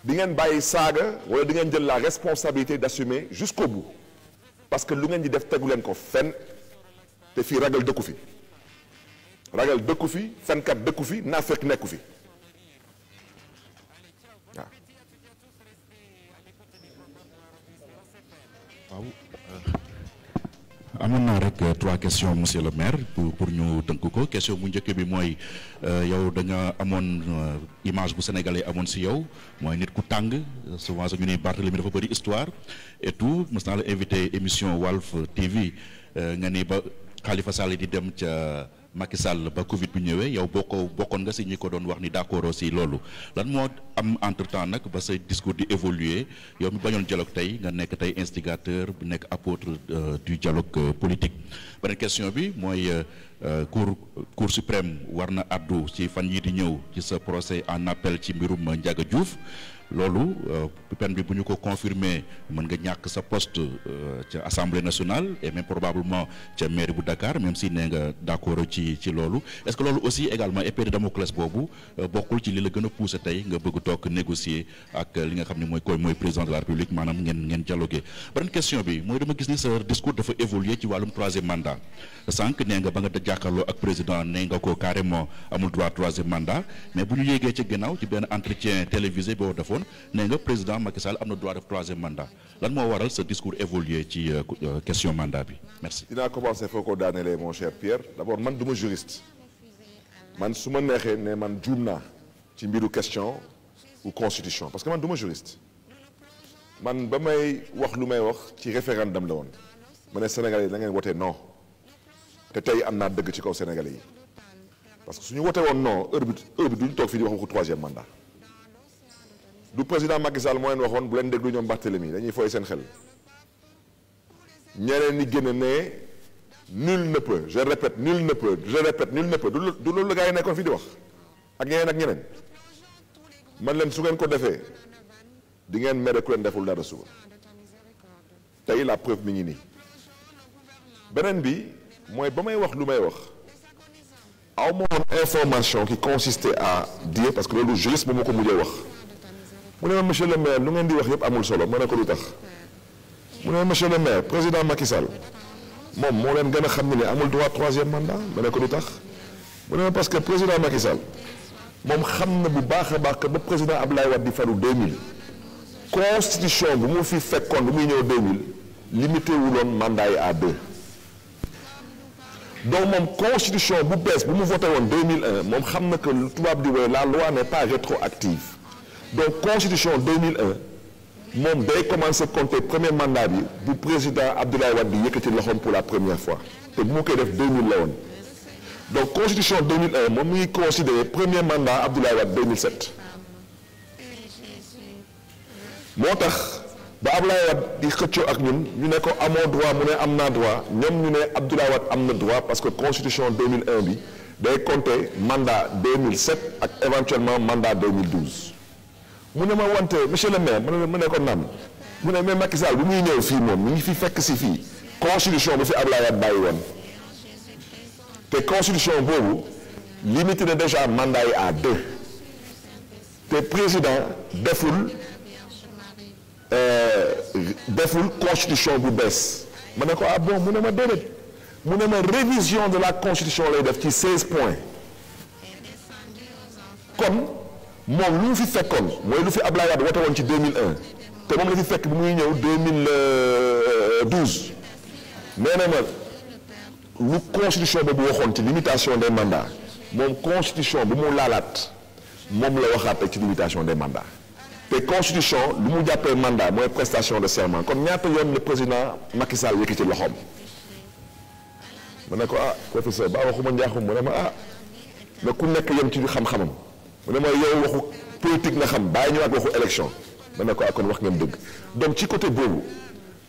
di ngeen bàyyi saaga wala di ngeen jël la responsabilité d'assumer jusqu'au bout parce que lu ngeen di def tegu leen ko fen te fii ragal dëkku fi ragal dëkku fi fenkat dëkku fi naa nekku fi waaw. amoon naa rek euh, trois questions monsieur le maire pour ñu tënk ko question bu njëkk bi mooy euh, yow da amoon euh, image bu sénégalais amoon si yow mooy nit ku tàng souvent sax ñu ne Barthélemy dafa bëri histoire et tout mës naa la invité émission wall TV nga ni ba kaalifa Sall di dem ca. Macky Sall ba Covid bi ñëwee yow boo ko bokkoon nga si ñi ko doon wax ni d'accord aussi loolu lan moo am entre nag ba say discours di évoluer yow mi bañoon dialogue tey nga nekk tey instigateur bu nekk apôtre euh, du dialogue euh, politique. beneen question bi mooy euh, cour cour suprême war na addu ci fan yii di ñëw ci sa procès en appel ci mbirum Ndiaga Diouf. loolu euh, peine bi bu ñu ko confirme mën nga ñàkk sa poste euh, ca assemblée nationale et même probablement ca mairie bu Dakar même si nee nga d'accord ci ci loolu est-ce que loolu aussi également épée de Damoclès boobu euh, bokkul ci li la gën a poussé tey nga bëgg toog négocier ak li nga xam ni mooy koy mooy président de la République maanaam ngeen ngeen dialoguer beneen question bi mooy dama gis ni sa discours dafa évoluer ci wàllum troisième mandat sànq nee nga ba nga jàkkaarloo ak président nee nga ko carrément amul droit troisième bu ñu yéegee ci gannaaw ci benn entretien télévisé boo dafa nekkoon nee nga président Macky Sall am na droit def troisième mandat lan moo waral sa discours évolué ci euh, euh, question mandat bi merci. dinaa commencé foo ko daanelee mon cher Pierre d' man du ma juriste man su ma neexee ne man juum naa ci mbiru question ou constitution parce que man du ma man ba may wax lu may wax ci référendum la woon ma ne Sénégalais yi na ngeen wotee non te tey am naa dëgg ci kaw Sénégalais yi parce que su ñu wotee woon non heure bi du ñu toog fii di wax du président Macky Sall moo leen waxoon bu leen déglu ñoom Barthélemy dañuy fooy seen xel ñeneen ñi génn ne nul ne peut je répète nul ne peut je répète nul ne peut du du loolu la gars yi nekkoon fii di wax ak ñeneen ak ñeneen man leen su ngeen ko defee di ngeen mere ku leen deful dara suba tey la preuve mi ngi nii beneen bi mooy ba may wax lu may wax aw ma woon ki qui consistait à dire parce que loolu juriste bu ma ko mujjee wax. mu ne ma monsieur le maire lu ngeen di wax yëpp amul solo ma ne ko lu tax mu ne ma monsieur le maire président Macky Sall moom moo leen gën a xam ne amul droit troisième mandat ma ne ko lu tax mu ne ma parce que président Macky Sall moom xam na bu baax a baax que ba président Abdoulaye Wade di falu 2000 constitution bu mu fi fekkoon bu muy ñëw 2000 limité wuloon mandat manda à deux donc moom constitution bu bees bu mu voté woon 2001 moom xam na que lu tubaab di woowe la loi n'est pas rétroactive donc constitution 2001 moom day commencer compter premier mandat bi bu président Abdoulaye Wade bi yëkkati loxoom pour la première fois te bu mu koy def 2000 la woon donc constitution 2001 moom mu ngi considéré premier mandat Abdoulaye Wade 2007 moo tax ba Abdoulaye Wade di xëccoo ak ñun ñu ne ko amoo droit mu ne am naa droit ñoom ñu ne Abdoulaye Wade am na droit parce que constitution 2001 bi day compter mandat 2007 ak éventuellement mandat 2012. mu ne ma wante monsieur le maire mu ne ko nam mu ne mais Macky Sall bu muy ñëw fii mu ngi fi fekk si fii constitution bu fi Abdoulaye Wade bàyyi woon te constitution boobu limité na déjà mandat yi à deux te président deful euh, deful constitution bu bees ma ne ko ah bon mu ne ma déedéet mu ne ma révision de la constitution lay def ci 16 points kon moom lu mu fi fekkoon mooy lu fi Ablaye Wade wote woon ci 2001 te moom la fi fekk bi muy ñëw 2012 nee na ma lu constitution boobu waxoon ci limitation des mandats moom constitution bu mu laalaat moom la waxaat rek ci limitation des mandats te constitution lu mu jàppee mandat mooy prestation de serment kon ñaata yoon le président Macky Sall ci loxoom ma ne ko ah professeur ba waxuma njaaxum mu ne ma ah mais ku nekk yem ci xam-xamam mu ne ma yow waxu politique nga xam bàyyi ñëwaat waxu élection ma ne ko ak ah, kon wax ngeen dëgg donc ci côté boobu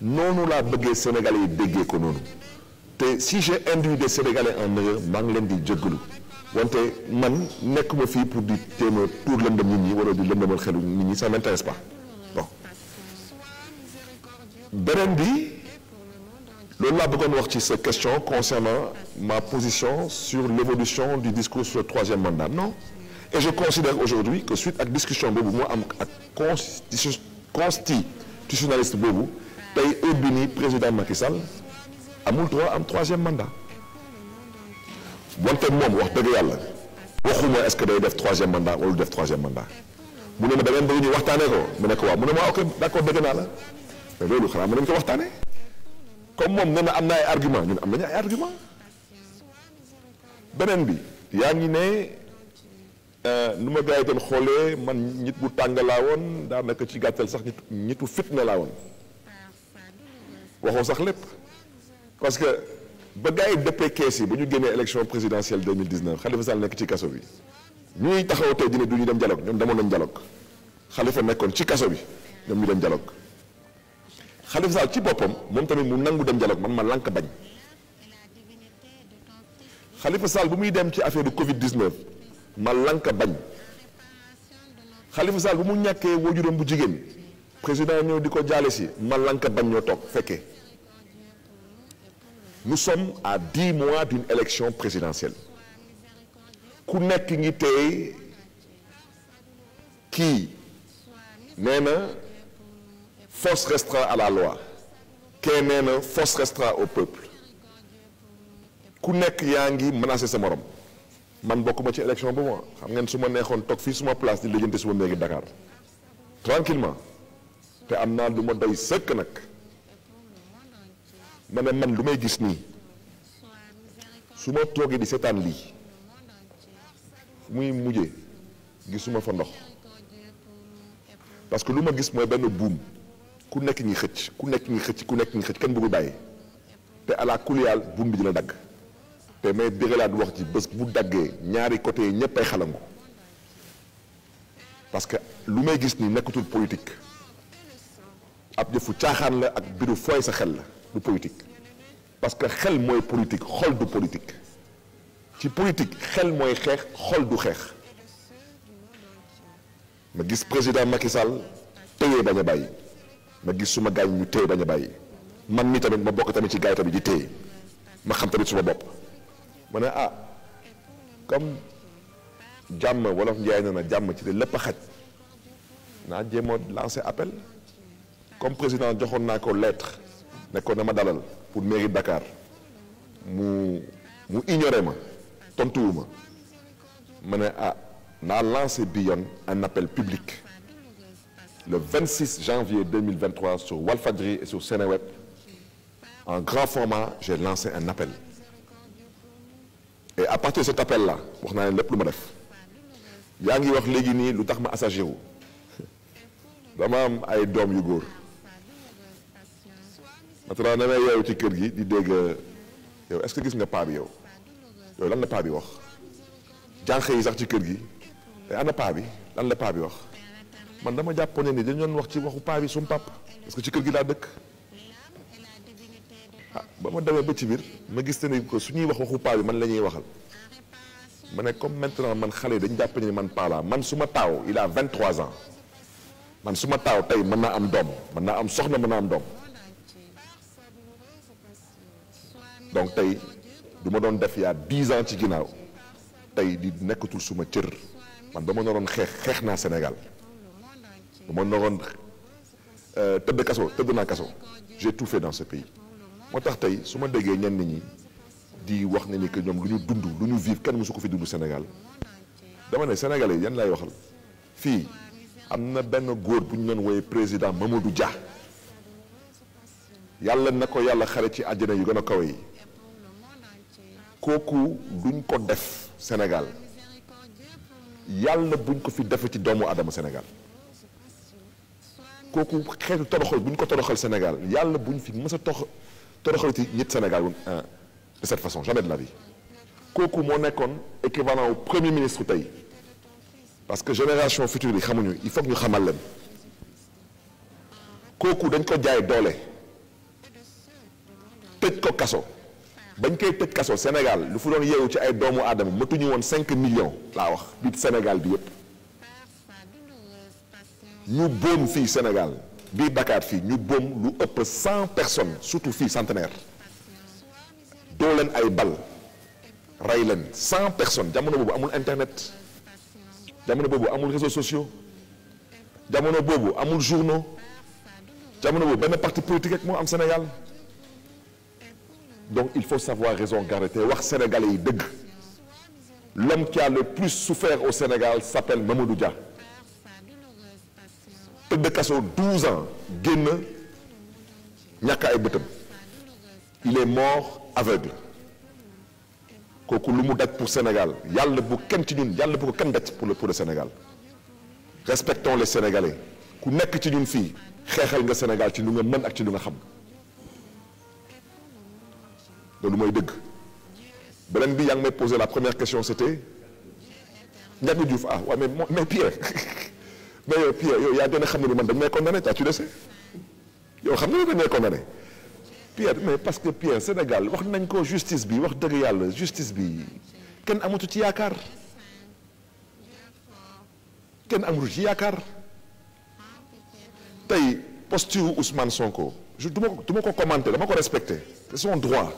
noonu laa bëggee Sénégalais yi déggee ko noonu te si j'ai induit des Sénégalais en erreur maa ngi leen di jéggalu wante man nekk ma fii pour di téema tuur lëndëm nit ñi wala di lëndëmal xelu nit ñi ça m'intéresse pas beneen bi loolu laa bëggoon wax ci sa question concernant ma position sur l'évolution du discours sur le troisième mandat non et je considère aujourd'hui que suite ak discussion boobu moo am ak constitutionnaliste boobu tey ubbi ni président Macky Sall amul droit am troisième mandat wante moom wax dëgg yàlla waxuma est-ce que day def troisième mandat wala def troisième mandat mu ne ma da ngeen bëgg ñu waxtaanee ko mu ne ko waaw mu ne ma ok d'accord dëgg naa la mais comme moom nee na am na ay argument ñun am nañu ay argument beneen bi yaa ngi Euh, nu ma gars yi doon xoolee man nit bu tàng laa woon daanaka ci gàttal sax nit nitu fitna laa woon waxoo sax lépp parce que ba gars yi dëppee kees yi ba ñu génnee élection présidentielle 2019 Khalifa Sall nekk ci kaso bi ñuy taxaw tey dina du ñu dem dialogue ñoom demoon nañ dialogue Khalifa nekkoon ci kaso bi ñoom ñu dem dialogue Khalifa Sall ci boppam moom tamit mu nangu dem dialogue man ma lànk bañ Khalifa Sall bu muy dem ci affaire du Covid 19. ma lank bañ Khalifa Sall bu mu ñàkkee waajuram bu jigéen président ñëw di ko jaale si ma lank bañ ñoo toog fekkee nous sommes à dix mois d'une élection présidentielle ku nekk ngi tey kii nee na force restera à la loi kee nee na force restera au peuple ku nekk yaa ngi menacer sa morom man bokkuma ci élection bu ma xam ngeen su ma neexoon toog fii suma place di lijjanti suma néegi Dakar tranquillement te am naa lu ma doy sëkk nag ma ne man lu may gis nii suma ma toogee di seetaan lii muy mujje suma fa ndox parce que lu ma gis mooy benn buum ku nekk ngi xëcc ku nekk ngi xëcc ku nekk ngi xëcc kenn bëggul bàyyi te ala kuliyal buum bi dina dagg te may dégalaat wax ji bés bu daggee ñaari côté yi ñëpp ay xalangu parce que lu may gis ni nekkatul politique ab jëfu caaxaan la ak biru fooy sa xel la du politique parce que xel mooy politique xol du politique ci politique xel mooy xeex xol du xeex ma gis président Macky Sall téye bañ a bàyyi ma gis suma gaañ ñu téye bañ a bàyyi man mi tamit ma bokk tamit ci gaay tamit di téye ma xam tamit suma bopp ma ne ah comme jàmm wolof njaay na na jàmm ci lépp a xaj jéem a lancé comme président joxoon naa ko lettre ne na ma dalal pour mairie Dakar mu mu ma tontuwu ma ma ne ah naa lancé bi yoon un appel public le 26 janvier 2023 sur Walfadjri et sur Seneweb en grand format j'ai lancé un appel et à partir de cet appel là wax naa leen lépp lu ma def yaa ngi wax léegi nii lu tax ma assagé wu dama am ay doom yu góor maintenant damay yeewu ci kër gi di dégg yow est-ce que gis nga paa bi yow yow lan la paa bi wax jànq yi sax ci kër gi te eh, ana paa bi lan la bi wax man dama jàppoon ne ni dañu doon wax ci waxu paa bi suñu pap parce que ci kër gi laa dëkk. ah ba ma demee ba ci biir ma gis te ne ko su ñuy wax waxu paa bi man la ñuy waxal ma ne comme maintenant man xale yi dañ jàpp ni man paa man su ma taaw il a 23 ans man su ma taaw tey mën naa am doom mën naa am soxna mën naa am doom donc tey du ma doon def yaa 10 ans ci ginnaaw tey di nekkatul suma cër man ba ma naroon xeex xeex naa Sénégal ba ma naroon euh, tëdd kaso tëdd naa kaso j'ai tout fait dans ce pays moo tax tey su ma déggee ñenn ñi di wax ne ni que ñoom lu ñu dund lu ñu vivre kenn mësu ko fi dund Sénégal dama ne Sénégalais yan laay waxal fii am na benn góor bu ñu doon wooye président Mamadou Dia yàlla na ko yàlla xare ci àjjana yu gën a kawe yi kooku duñ ko def Sénégal yàlla buñ ko fi defe ci doomu Adama Sénégal kooku xeetu toroxal buñ ko toroxal Sénégal yàlla buñ fi mës a tox te doxalati ñit Sénégal euh, de cette façon jamais la vie kooku moo nekkoon équivalent au premier ministre tey parce que génération future yi xamuñu il faut que ñu xamal leen kooku dañ ko jaay doole tëj ko kaso bañ koy tëj kaso senegal lu fu doon yeewu ci ay doomu aadama matuñu woon cinq millions laa wax biir senegal bi yépp ñu boom fii senegal biir bakaat fii ñu boom lu ëpp cent personnes surtout fii centenaire doo leen ay bal rey leen cent personnes jamono boobu amul internet jamono boobu amul réseaux sociaux jamono boobu amul journaux jamono boobu benn parti politique rek moo am Sénégal donc il faut savoir raison garder te wax sénégalais yi dëgg l'homme qui a le plus souffert au Sénégal s'appelle du Dia tëdd kaso 12 ans génn ñàkk ay bëtam il est mort aveugle kooku lu mu daj pour Sénégal yàlla bu kenn ci ñun yàlla bu ko kenn daj pour le pour le Sénégal respectons les Sénégalais ku nekk ci ñun fii xeexal nga Sénégal ci lu nga mën ak ci lu nga xam loolu mooy dëgg beneen bi yaa ngi may posé la première question c'était Ndiaga Diouf ah waaw mais mais Pierre mais yow Pierre yow yaa gën ne xam ne man dañ may condamné tu le sais yow xam nga dañ may condamné Pierre mais parce que Pierre Sénégal wax nañ ko justice bi wax dëgg yàlla justice bi kenn amatu ci yaakaar kenn amatu ci yaakaar tey posture Ousmane Sonko je du ma du ma ko commenté dama ko respecté c'est son droit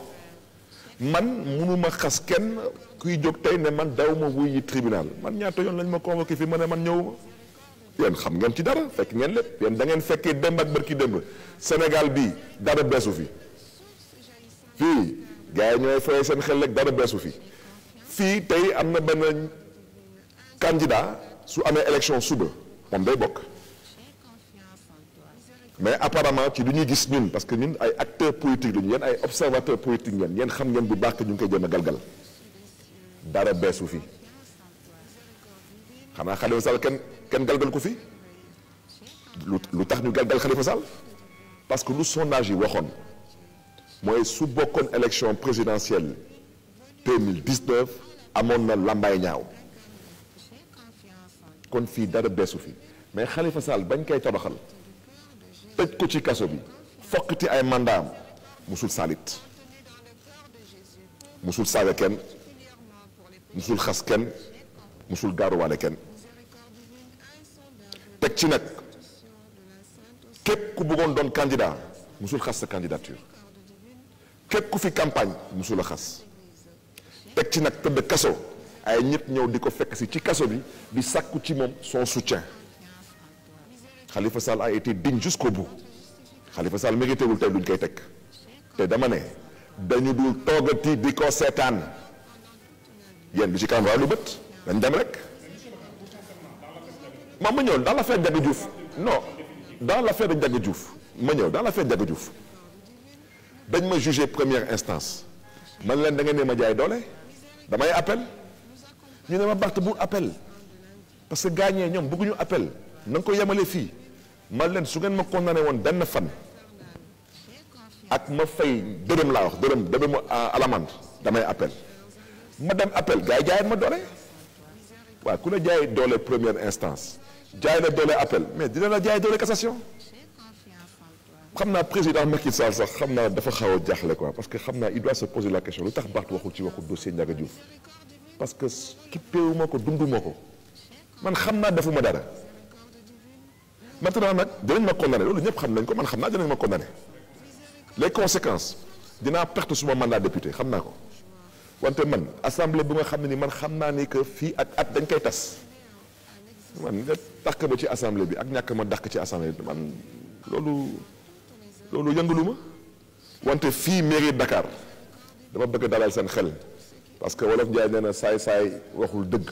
man mënuma xas kenn kuy jóg tey ne man daw ma wuy yi tribunal man ñaata yoon lañ ma convoqué fi ma ne man ñëwuma yéen xam ngeen ci dara fekk ngeen lépp yéen da ngeen fekkee démb ak bërki démb Sénégal bi dara beesu fi fii gars yi ñooy fay seen xel rek dara fi fii tey am na benn candidat su amee élection suba moom day bokk mais apparemment ci lu ñuy gis ñun parce que ñun ay acteur acteurs politiques lañu yéen ay observateurs politiques ngeen yéen xam ngeen bu baax ñu ngi koy jëm a galgal dara beesu fi xanaa Khalifa Sall kenn kenn galgal ko fi lu tax nu galgal Khalifa Sall parce que lu sondage yi waxoon mooy su bokkoon élection présidentielle 2019 amoon na làmbaay ñaaw kon fii dara beesu fi mais Khalifa Sall bañ koy toroxal ko ci kaso bi foq fokkati ay mandam mosul salit mosul saaga kenn musul xas kenn musul gaaruwaale kenn teg ci nag képp ku buggoon doon candidat musul xas sa candidature képp ku fi campagne musul a xas teg ci nag tëdd kaso ay ñëpp ñëw di ko fekk si ci kaso bi di sàkku ci moom son soutien Khalifa Sall a été digne jusqu'au bout Khalifa Sall mérité wul tey duñ koy teg te dama ne dañu dul toogati di ko seetaan yéen bi ci kanam raw lu bët dañ dem rek. ma ma ñëw dans l'affaire Ndiaga Diouf non dans l'affaire de Ndiaga Diouf ma ñëw dans l'affaire Ndiaga Diouf dañ ma jugé première instance man leen da ngeen ne ma jaay doole damay appel ñu ne ma Barth bu appel parce que gaañee ñoom bëgguñu appel na nga ko yemalee fii man leen su ngeen ma condamné woon benn fan ak ma fay dërëm laa wax dërëm dërëmu à damay appel ma dem appel gars yi jaayeen ma doole waaw ku la jaay doole première instance jaay na doole appel mais dina la jaay doole cassation xam naa président Macky Sall sax xam naa dafa xaw a jaaxle ko parce que xam naa il doit se poser la question lu tax Barth waxul ci waxu dossier Ndiaga parce que kippéewu ko dundu ko man xam naa defuma dara maintenant nag dinañ ma condamné loolu ñëpp xam nañ ko man xam naa dinañ ma condamné les conséquences dinaa perte suma mandat député xam naa ko wante man assemblée bu nga xam ne nii man xam naa ni que fii ak at dañ koy tas man nga dàq ba ci assemblée bi ak ñàkk ma dakk ci assemblée bi man loolu loolu yëngalu ma wante fii mairie Dakar dama bëgg dalal seen xel parce que wolof Njaay nee na saay-saay waxul dëgg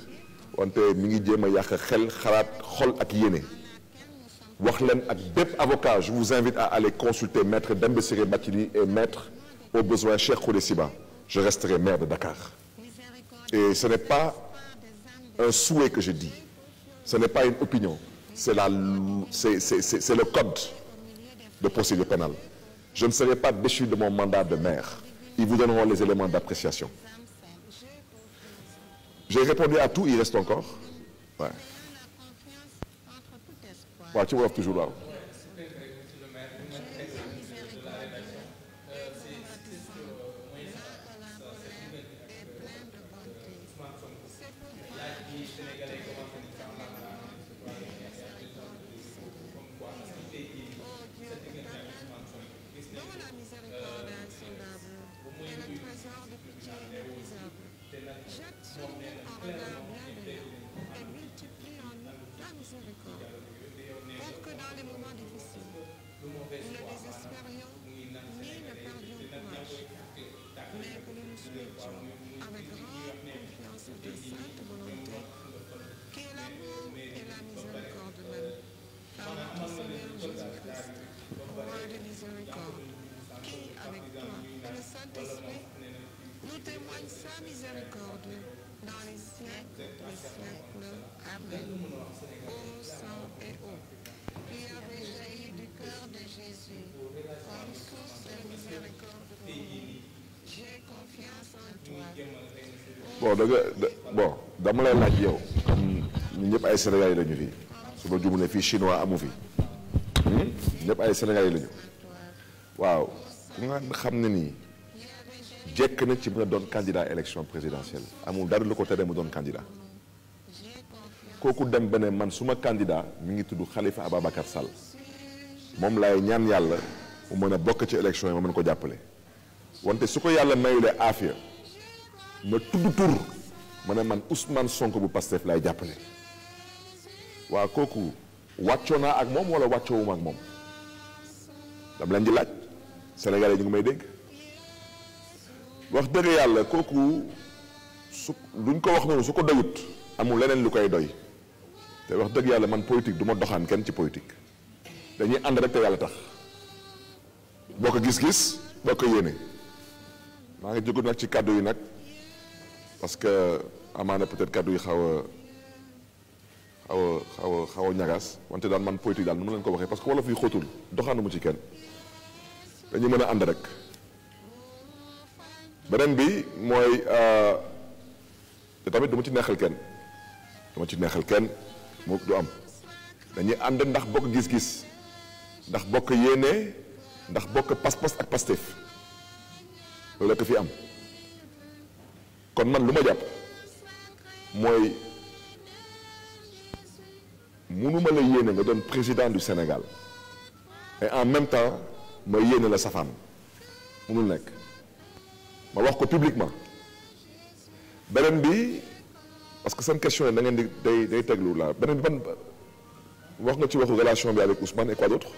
wante mi ngi jéem a yàq xel xalaat xol ak yéene wax leen ak bépp avocat je vous invite à aller consulter maître Demba Ciré Bathily et maître au besoin Cheikh Khoureyssi Ba je resterai maire de Dakar et ce n'est pas un souhait que je dis ce n'est pas une opinion c'est la c'est c'est c'est le code de procédure pénale je ne serai pas déchu de mon mandat de maire ils vous donneront les éléments d'appréciation j'ai répondu à tout il reste encore toujours waaw ay sénégalais lañu fii su ma jumulee fii chinois amu fi hmm? ñëpp ay sénégalais lañu waaw ku nga xam ne nii jekk na ci mën a doon candidat élection présidentielle amul dara lu ko teree mu doon candidat kooku dem ba ne man suma candidat mi ngi tudd Khalifa Ababacar Sall moom laay ñaan yàlla mu mën a bokk ci élection yi ma mën ko jàppale wante su ko yàlla mayulee aafiya ma tudd tur ma ne man Ousmane sonk bu Pastef laay jàppale waa kooku wàccoo naa ak moom wala wàccoowuma ak moom dama leen di laaj sénégalais ñu ngi may dégg wax dëgg yàlla kooku su luñ ko wax noonu su ko doyut amul leneen lu koy doy te wax dëgg yàlla man politique du ma doxaan kenn ci politique dañuy ànd rek te yàlla tax boo ko gis-gis boo ko yéene maa ngi jógu nag ci kàddu yi nag parce que amaana peut-être kàddu yi xaw a xaw a xaw a ñagaas wante daal man politique daal nu ma leen ko waxee parce que wolof yi xóotul doxaanu mu ci kenn dañu mën a ànd rek beneen bi mooy euh, te tamit du ma ci neexal kenn du ma ci neexal kenn mu du am dañuy ànd ndax bokk gis-gis ndax bokk yéene ndax bokk pas-pas ak Pastef loolu la fi am kon man lu ma jàpp mooy mënuma la yéene nga doon président du Sénégal et en même temps ma yéene la sa mënul nekk ma wax ko publiquement beneen bi parce que seen question yi da ngeen di day day teglu la beneen bi ban wax nga ci waxu relation bi avec Ousmane et quoi d'autre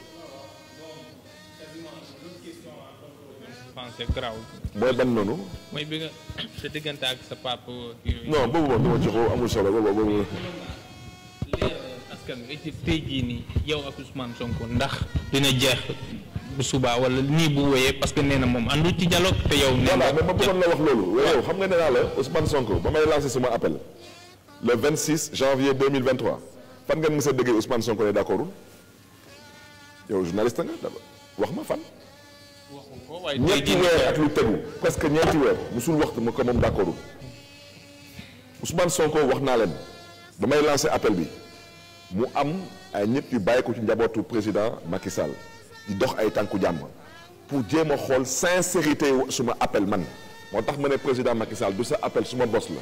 pensé graw mooy ban noonu. mooy bi nga sa diggante ak sa papa. non boobu moom dama jox amul solo boobu askan wi ci tey jii nii yow ak Ousmane Sonko ndax dina jeex bu subaa wala nii bu wéyee parce que nee na moom àndu ci dialogue te yow. nee na voilà ma bëggoon la wax loolu. yow xam nga nee naa la Ousmane Sonko ba may lancer suma appel le 26 janvier 2023 fan ngeen mës a déggee Ousmane Sonko ne d'accord wax ma fan. ñetti weer ak lu tegu presque ñeenti weer musul waxtu ma ko moom d'accordul wax naa leen damay lancer appel bi mu am ay nit yu bàyyi ko ci njabootu président Macky Sall di dox ay tànku jàmm pour jéem a xool sincérité suma appel man moo tax ma ne président Macky Sall du sa appel suma bos la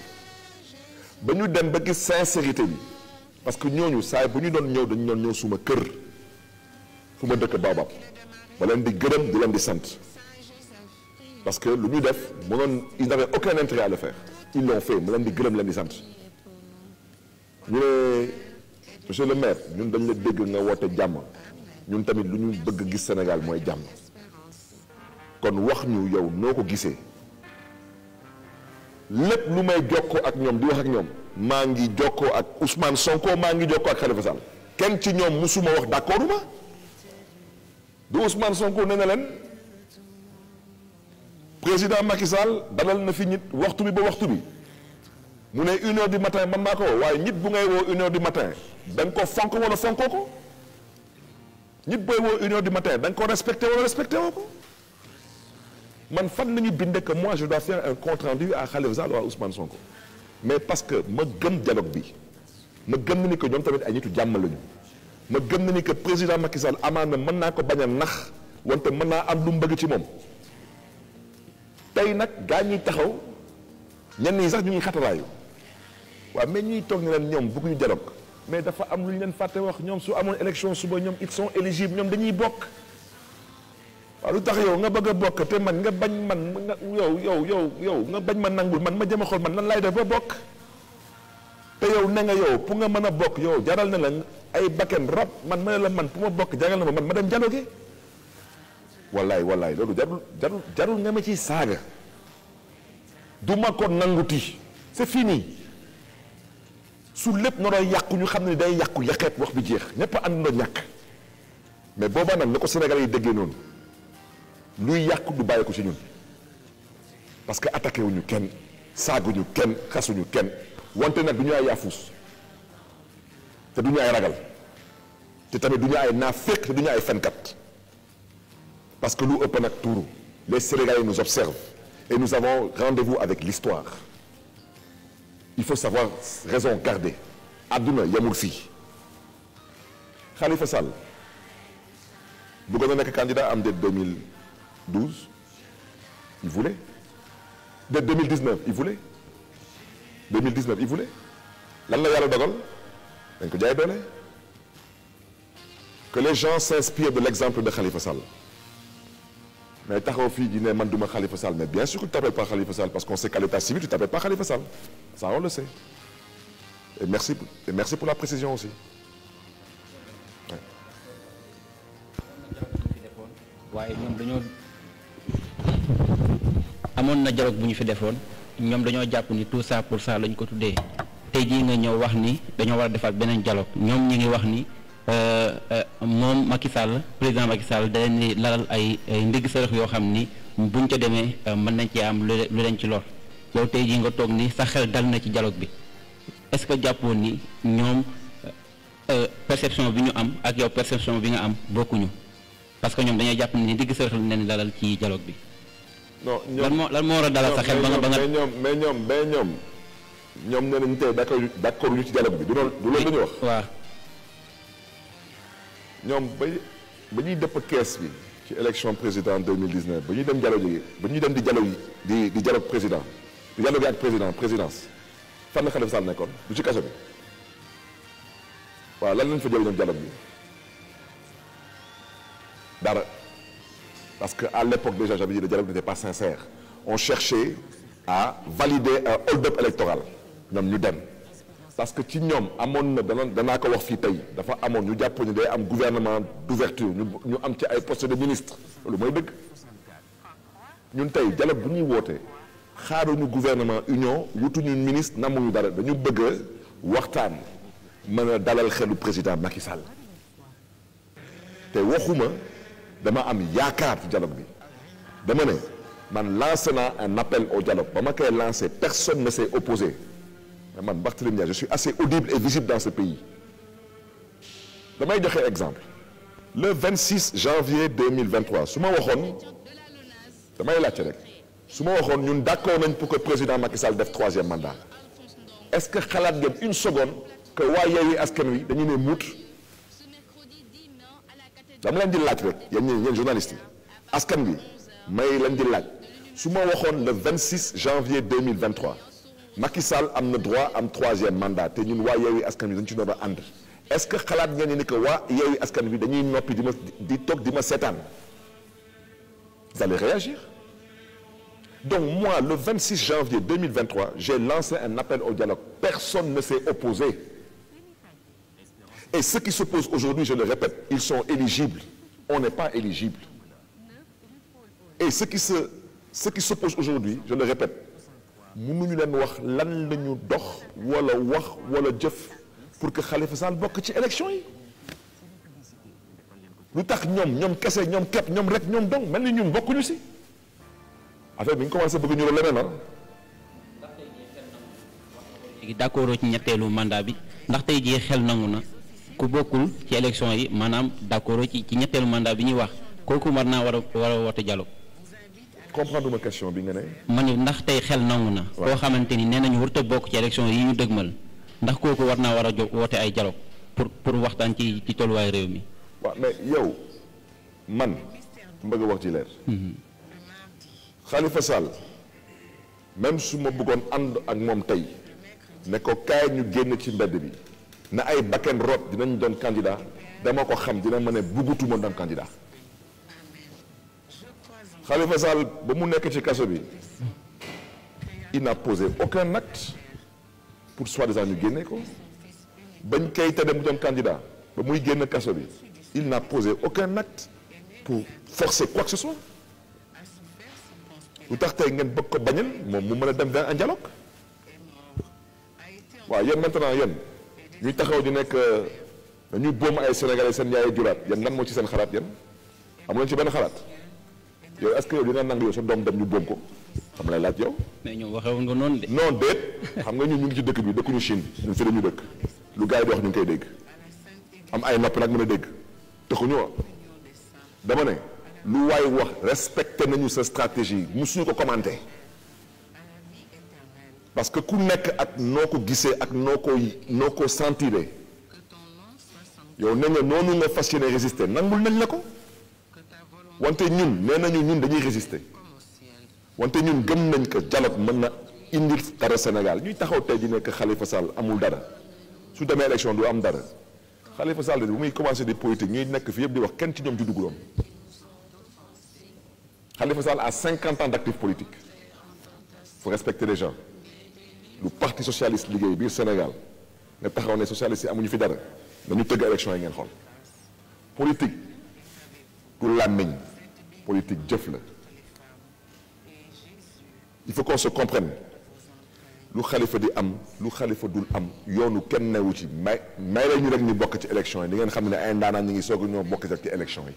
ba ñu dem ba gis sincérité bi parce que ñooñu saay bu ñu doon ñëw dañu doon ñëw suma kër fu ma dëkk baobab ma leen di gërëm di leen di sant parce que lu ñu def mënoon ils n'avaient aucun intérêt à le faire ils l'ont fait ma leen di gërëm leen di sant ñu ne monsieur le maire ñun dañ la dégg nga woote jàmm ñun tamit lu ñu bëgg gis senegal mooy jàmm kon wax ñu yow noo ko gisee lépp lu may jokkoo ak ñoom di wax ak ñoom maa ngi jokkoo ak Ousmane Sonko maa ngi jokkoo ak Khalifa Sall kenn ci ñoom ma wax d'accord ma du Ousmane Sonko nee leen président Macky Sall dalal na fi nit waxtu bi ba waxtu bi mu ne union heure du matin man maa ko waaye nit bu ngay woo une heure du matin da nga ko fonk wala fonkoo ko nit booy woo une heure du matin da nga ko respecté wala respecté ko man fan nañu binde que moi je dois faire un compte rendu à Khalifa Sall waa Ousmane Sonko mais parce que ma gëm dialogue bi ma gën na ni que ñoom tamit ay nitu jàmm lañu ma gëm na ni que président Macky Sall amaana mën naa ko bañ a nax wante mën naa am lu mu bëgg ci moom tey nag gaa ñuy taxaw ñenn ñi sax ñu ngi xataraayu waaw mais ñuy toog ne leen ñoom bëgguñu dialogue mais dafa am lu ñu leen fàtte wax ñoom su amoon élection suba ñoom ils sont éligibles ñoom dañuy bokk waaw lu tax yow nga bëgg a bokk te man nga bañ man yow yow yow yow nga bañ ma nangul man ma jëm a xool man lan laay def ba bokk te yow ne nga yow pour nga mën a bokk yow jaral na la ay bakken rab man ma ne la man pour ma bokk jaral na ma man ma dem dialogue wallaay wallaay loolu jarul jarul jarul nga ma ciy saaga du ma ko nanguti c'est fini su lépp naroo yàqu ñu xam ne day yàqu yàqeet wax bi jeex ñëpp a na ñàkk mais boobaa nag la ko Sénégalais yi déggee noonu luy yàqu du bàyyi ko ci ñun parce que attaqué wuñu kenn saaguñu kenn xasuñu kenn wante nag du ñu ay yaafuus te du ay ragal te tamit duñu ñu ay naaféq te du ay fenkat parce que lu ëpp nag tuuru les Sénégalais nous observent et nous avons rendez-vous avec l'histoire il faut savoir raison garder àdduna yamul Khalifa Sall bëggoon na nekk candidat am de 2012 il voulait de 2019 il voulait 2019 il voulait lan la yàlla dogal dañ ko jaay doole que les gens s'inspirent de l'exemple de Khalifa Sall mais taxaw fii di man duma Khalifa Sall mais bien sûr que tu t'appelles pas Khalifa Sall parce qu'on sait qu'à l'état civil tu t'appelles pas Khalifa Sall ça on le sait merci et merci pour la précision aussi. waaye ñoom dañoo amoon na dialogue bu ñu fi defoon ñoom dañoo jàpp ni tout ça pour ça lañ ko tuddee tey jii nga ñëw wax ni dañoo war a defaat beneen dialogue ñoom ñi ngi wax ni. moom Macky Sall président Macky Sall da leen di laral ay ay ndigg sërëx yoo xam ni buñ ca demee mën nañ ci am lu lu leen ci lool yow tey jii nga toog ni sa xel dal na ci dialogue bi est-ce que jàppoon ni ñoom perception bi ñu am ak yow perception bi nga am bokkuñu parce que ñoom dañoo jàpp ni ndigg sërëx lañ leen dalal ci dialogue bi. non moo lan moo war a dalal sa xel. ba nga ba nga mais ñoom mais ñoom ñoom ñoom nee nañu tey d'accord d'accord ñu ci dialogue bi du loolu du wax. ñoom ba ba ñuy dëpp kees bi ci élection président 2019 ba ñuy dem dialogue yi ba ñuy dem di dialogue di di dialogue président di dialogue ak président présidence fan la Khalifa Sall nekkoon du ci kaso bi waaw lan lañ fa jël ñoom dialogue bi dara parce que à l'époque déjà j'avais dit le dialogue n'était pas sincère on cherchait à valider un hold-up électoral ñoom ñu dem parce que ci ñoom amoon na dana danaa ko wax fii tey dafa amoon ñu jàpp ñu day am gouvernement d'ouverture ñu ñu am ci ay poste de ministre loolu mooy dëgg ñun tey dialogue bi ñuy woote xaaruñu gouvernement union wutuñu ministre namuñu dara dañu bëgg waxtaan mën a dalal xelu président Macky Sall te waxuma dama am yaakaar ci dialogue bi dama ne man lancé naa un appel au dialogue ba ma koy lancé personne ne s'est opposé mais man Barthélémy Dias je suis assez audible et damay joxe exemple le 26 janvier 2023 su ma waxoon damay laajte rek su ma waxoon ñun d'accord nañ pour président Macky Sall def troisième mandat est-ce que xalaat ngeen une seconde que waa Askan Wi dañu ne muut dama leen di laaj rek yéen ñi yéen askan wi di laaj su ma waxoon le 26 janvier 2023 Macky Sall am na droit am troisième mandat te ñun waa Yewwi Askan Wi dañu ci doon ce que xalaat ngeen ni que waa Yewwi Askan dañuy noppi di ma di toog di ma seetaan vous le 26 janvier 2023 j'ai lancé un appel au dialogue personne ne s'est opposé et ceux qui s'opposent aujourd'hui je le répète ils sont éligibles on n'est pas éligible et ceux qui se ceux qui s'opposent aujourd'hui je le répète mënuñu leen wax lan la ñu dox wala wax wala jëf pour que Khalifa Sall bokk ci élection yi lu tax ñoom ñoom kese ñoom kepp ñoom rek ñoom dong mel ni ñun bokkuñu si affaire bi ñu commencé bëgg ñu la leneen ah. léegi ci ñetteelu mandat bi ndax tey jii xel nangu na ku bokkul ci élection yi maanaam d'accord ci ci ñetteelu mandat bi ñuy wax kooku mar naa war a war a woote dialogue comprendre ma question bi nga ne. man ni ndax tey xel nangu na. koo xamante ni nee nañu warut a bokk ci élection yi ñu dëgmal ndax kooku war naa war a jo woote ay dialogue pour pour waxtaan ci ci tolluwaay réew mi. waaw mais yow man mbëgg a wax ci leer. Mhm. Khalifa Sall même su ma bëggoon ànd ak moom tey ne ko kaay ñu génn ci mbedd bi na ay bakken root dinañ doon candidat dama ko xam dina ma ne buggutuma doon candidat. Khalifa Sall ba mu nekk ci kaso bi il n'a posé aucun acte pour soi-disant ñu génne ko bañ koy tere mu doon candidat ba muy génn kaso bi il n'a posé aucun acte pour forcer quoi que ce soit lu tax ngeen bëgg ko moom mu mën a dem vers un dialogue waaw yéen maintenant yéen ñuy taxaw di nekk dañuy boom ay sénégalais seen yaay juraat yéen lan moo ci seen xalaat yéen amu leen ci benn xalaat. yow est-ce que yow dina nangu yow sa doom dem ñu boom ko xam lay laaj yow. mais ñoom waxee woon nga noonu de. non xam nga ñun ñu ngi ci dëkk bi dëkkuñu Chine ñun fi dañu dëkk lu gars yi di wax ñu ngi ay nopp nag mën dégg tëxuñu wa ah. dama lu waay wax respecté nañu sa stratégie ko commenté parce que ku nekk ak noo ko gisee ak noo ko noo ko sentiré yow ne nga noonu nga fas yéene résister nangul nañ la ko. wante ñun nee nañu ñun dañuy résister wante ñun gëm nañ ko dialogue mën na indi dara Sénégal ñuy taxaw tey di nekk Khalifa Sall amul dara su demee élection du am dara Khalifa Sall bu muy commencé di politique ñuy nekk fi yëpp di wax kenn ci ñoom ci dugguloon Khalifa Sall a 50 ans d' actif politique faut respecter les gens lu parti socialiste liggéey biir Sénégal nga taxaw ne socialiste yi amuñu fi dara dañu tëgg élection yi ngeen xool politique du làmmiñ politique jëf la il faut qu'on se comprenne lu xalifa di am lu xalifa du am yoonu kenn newu ci may may la ñu rek ñu bokk ci élection yi di ngeen xam ne ay ndaanaan ñu ngi soog ñoo bokk ci élection yi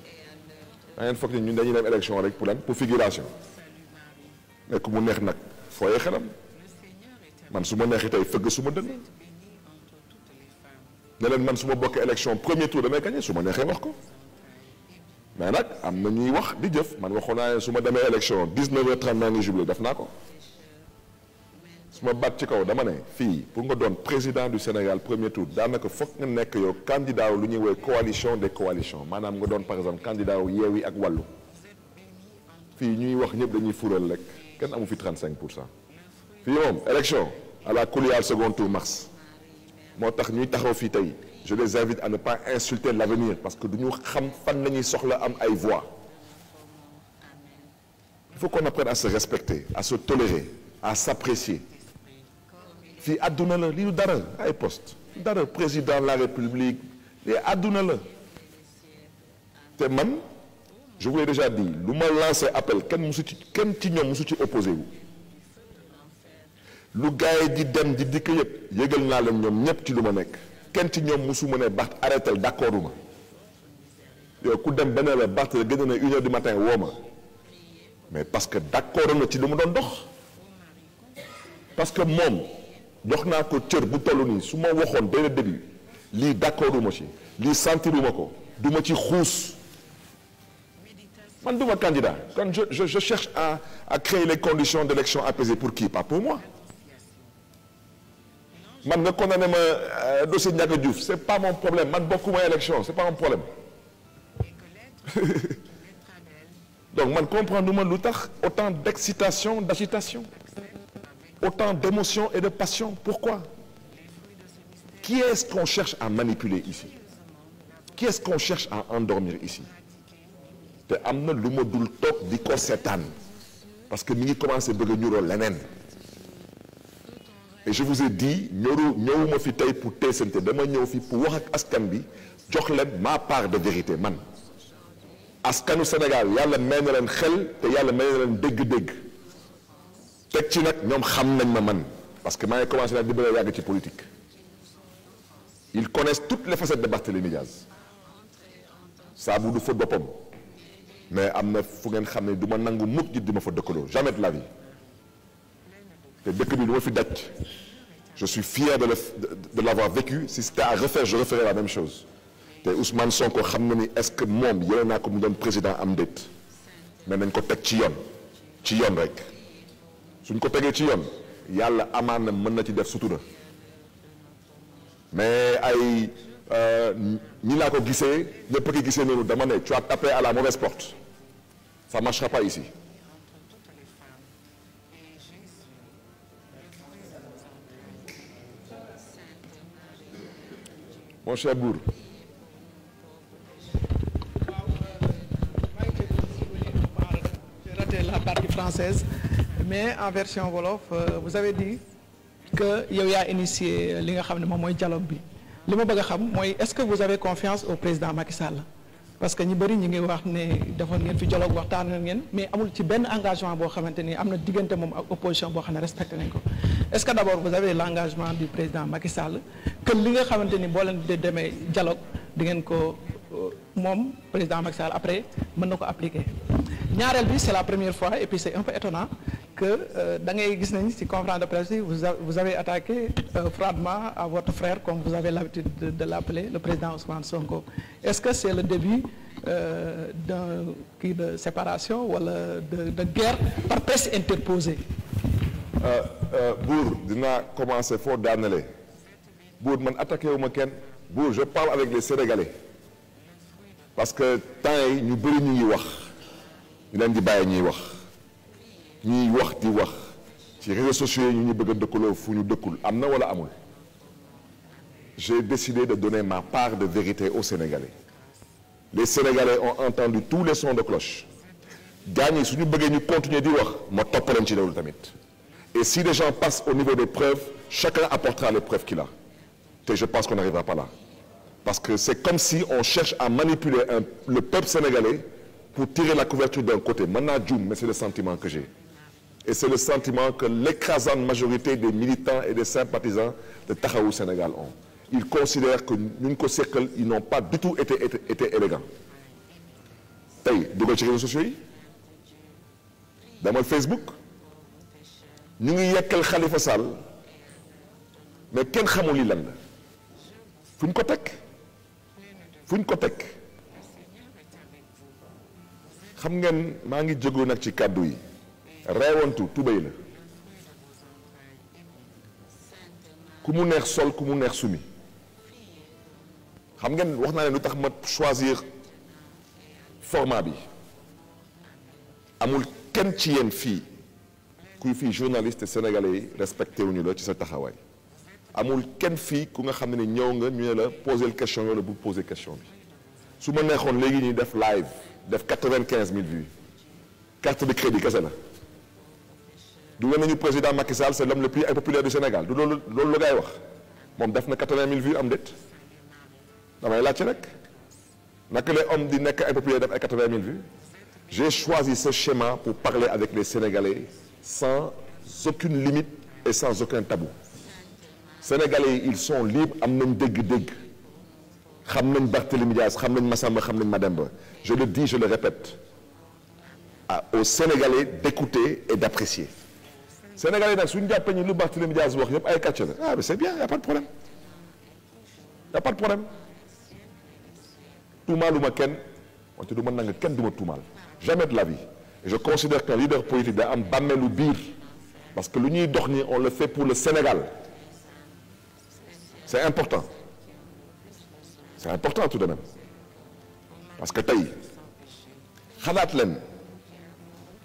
da ngeen foog ne ñun dañuy rek pour lan pour figuration nekk mu neex nag fooyee xelam man su ma neexee tey fëgg su ma dënn ne leen man su ma bokkee élection premier tour damay gagné su ma neexee wax ko mais nag am na ñuy wax di jëf man waxoon naa su ma demee élection 19 heures 30 naa ngi jublé def naa ko su ma baat ci kaw dama ne fii pour nga doon président du Sénégal premier tour daanaka foog nga nekk yow candidat lu ñuy woowee coalition de coalitions maanaam nga doon par exemple candidat wu Yewwi ak wàllu fii ñuy wax ñëpp dañuy fural rek kenn amu fi 35 pour cent fii moom élection à la coulière second tour mars moo tax ñuy taxaw fii tey. je les invite à ne pas insulter l'avenir parce que duñu xam fan la ñuy soxla am ay voix il faut qu'on apprenne à se respecter à se tolérer à s'apprécier fii àdduna la lii dara ay post dara président de la république lii àdduna la te man je vous déjà dit lu ma lancé appel kenn musu ci kenn ci ñoom musu ci opposé wu lu gars di dem di dikk yëpp yëgal naa leen ñoom ñëpp lu ma nekk kenn ci ñoom mosu mu ne Barth arrêtel d'accord uma yow ku dem benn la Barth la gën a ne une heure du matin woo ma mais parce que d'accord na ci lu ma doon dox parce que moom jox naa ko cër bu toll nii su ma waxoon dès le début lii d'accord uma ci lii sentiruma ko du ma ci xuus man du ma candidat quand je je cherche à à créer les conditions d'élection apaisées pour qui pas pour moi man nga condamné ma euh, dossier Ndiaga Diouf c' est pas mon problème man bokkuma élection c' est pas mon problème donc man comprendre ma lu tax autant d' excitation d' agitation autant d' émotion et de passion pourquoi qui est-ce qu'on cherche à manipuler ici qui est-ce qu'on cherche à endormir ici te am na lu ma dul toog di ko seetaan parce que mi ngi commencé bëgg a leneen et je vous ai dit ñëru ñëwuma fi tey pour teesante dama ñëw fi pour wax ak askan bi jox leen ma part de vérité man askanu Sénégal yàlla may na leen xel te yàlla may na leen dégg-dégg teg ci nag ñoom xam nañ ma man parce que maa ngi commencé nag di bëgg a yàgg ci politique ils connaissent toutes les facettes de Barthélémy Diaz saabu du fa boppam mais am na fu ngeen xam ne du ma nangu mukk nit di ma fa dëkkaloo jamais de te dëkk bi lu ma fi daj je suis fier de de l'avoir vécu si c'était à refaire je referais la même chose te Ousmane Sonko xam na ni est-ce que moom yore naa ko mu doon président am déet mais nañ ko teg ci yoon ci yoon rek suñ ko tegee ci yoon yàlla amaan na mën na ci def sutura mais ay ñi euh, laa ko gisee ñëpp ki gisee noonu dama ne tu as tapé à la mauvaise porte ça marchera pas ici mon cher Bour. J'ai la partie française, mais en version wolof euh, vous avez dit que yow yaa initié li nga xam ne moom mooy dialogue bi li ma bëgg xam mooy est-ce que vous avez confiance au président Macky Sall. parce que ñu bëri ñu ngi wax ne defoon ngeen fi dialogue waxtaan ngeen mais amul ci benn engagement boo xamante ni am na diggante moom ak opposition boo xam ne respecté nañ ko est-ce que d'abord vous avez l'engagement du président Macky Sall que li nga xamante ni boo leen di demee dialogue di ko euh, moom président Macky après mën na ko appliquer ñaareel bi c'est la première fois et que euh, da ngay gis nañ si conférence de presse vous vous avez attaqué euh, froidement à votre frère comme vous avez l'habitude de l'appeler le président Ousmane Sonko est-ce que c'est le début euh, d'un kii de séparation wala de de guerre par presse interposée Buur dinaa commencer foo daanale Buur wu ma kenn Buur je parle avec les Sénégalais parce que temps yi ñu bëri ñu ngi wax ñu leen di bàyyi ñuy wax ñuy wax di wax ci réseaux ñu bëgg a dëkkaloo fu ñu dëkkul am na wala amul j'ai décidé de donner ma part de vérité aux Sénégalais les Sénégalais ont entendu tous les sons de cloche gaañ yi su ñu bëggee ñu continuer di wax ma toppaleen ci loolu tamit et si les gens passent au niveau des preuves chacun apportera les preuves qu'il a te je pense qu'on n'arrivera pas là parce que c'est comme si on cherche à manipuler un, le peuple sénégalais pour tirer la couverture d'un côté mën naa juum sentiment que j'ai et c'est le sentiment que l'écrasante majorité des militants et des sympathisants de Taxawu Sénégal ont ils considèrent que ñun ko seqal ils n'ont pas du tout été été, été élégants tey dugal ci réseaux sociaux yi damal Facebook ñu ngi yekkal Khalifa Sall mais kenn xamul li lan la fu ñu ko teg fu ko teg xam ngeen maa ngi jógoo nag ci kàddu yi. reewantu tubéy la ku mu neex sol ku mu neex sumi xam ngeen wax naa ne lu tax ma choisir format bi amul kenn ci yéen fii kuy fii journaliste sénégalais yi respecté wuñu la ci sa taxawaay amul kenn fii ku nga xam ne ñëw nga ñu ne la poser question wala bu poser question bi su ma neexoon léegi ñuy def live def quatre-vingt-quinze mille vues carte de crédit kese la du wane ñu président Macky Sall c'est l'homme le plus populaire du Sénégal du loolu la gaay wax moom def na 80 000 vues am déet damay laajte rek naka les hommes di nekk ay populaire def ay 80 000 vues j'ai choisi ce schéma sans aucune limite et sans aucun tabou Sénégalais yi nañ dégg-dégg xam nañ Barthélémy Dias xam nañ Massamba xam nañ Mademba je le dis je le répète à ah, aux Sénégalais d'écouter et d'apprécier Sénégalais nag suñu jàppee ñu lu Barthélémy Dias wax a ay ah, c'est bien y a pas de problème y a pas de problème tuumaaluma kenn wante du ma nangu kenn du ma tuumaal jamais de la vie et je considère qu'un leader politique da am lu biir parce que lu ñuy dox ni on le fait pour le Sénégal c'est important c'est important tout de même parce que tey xalaat leen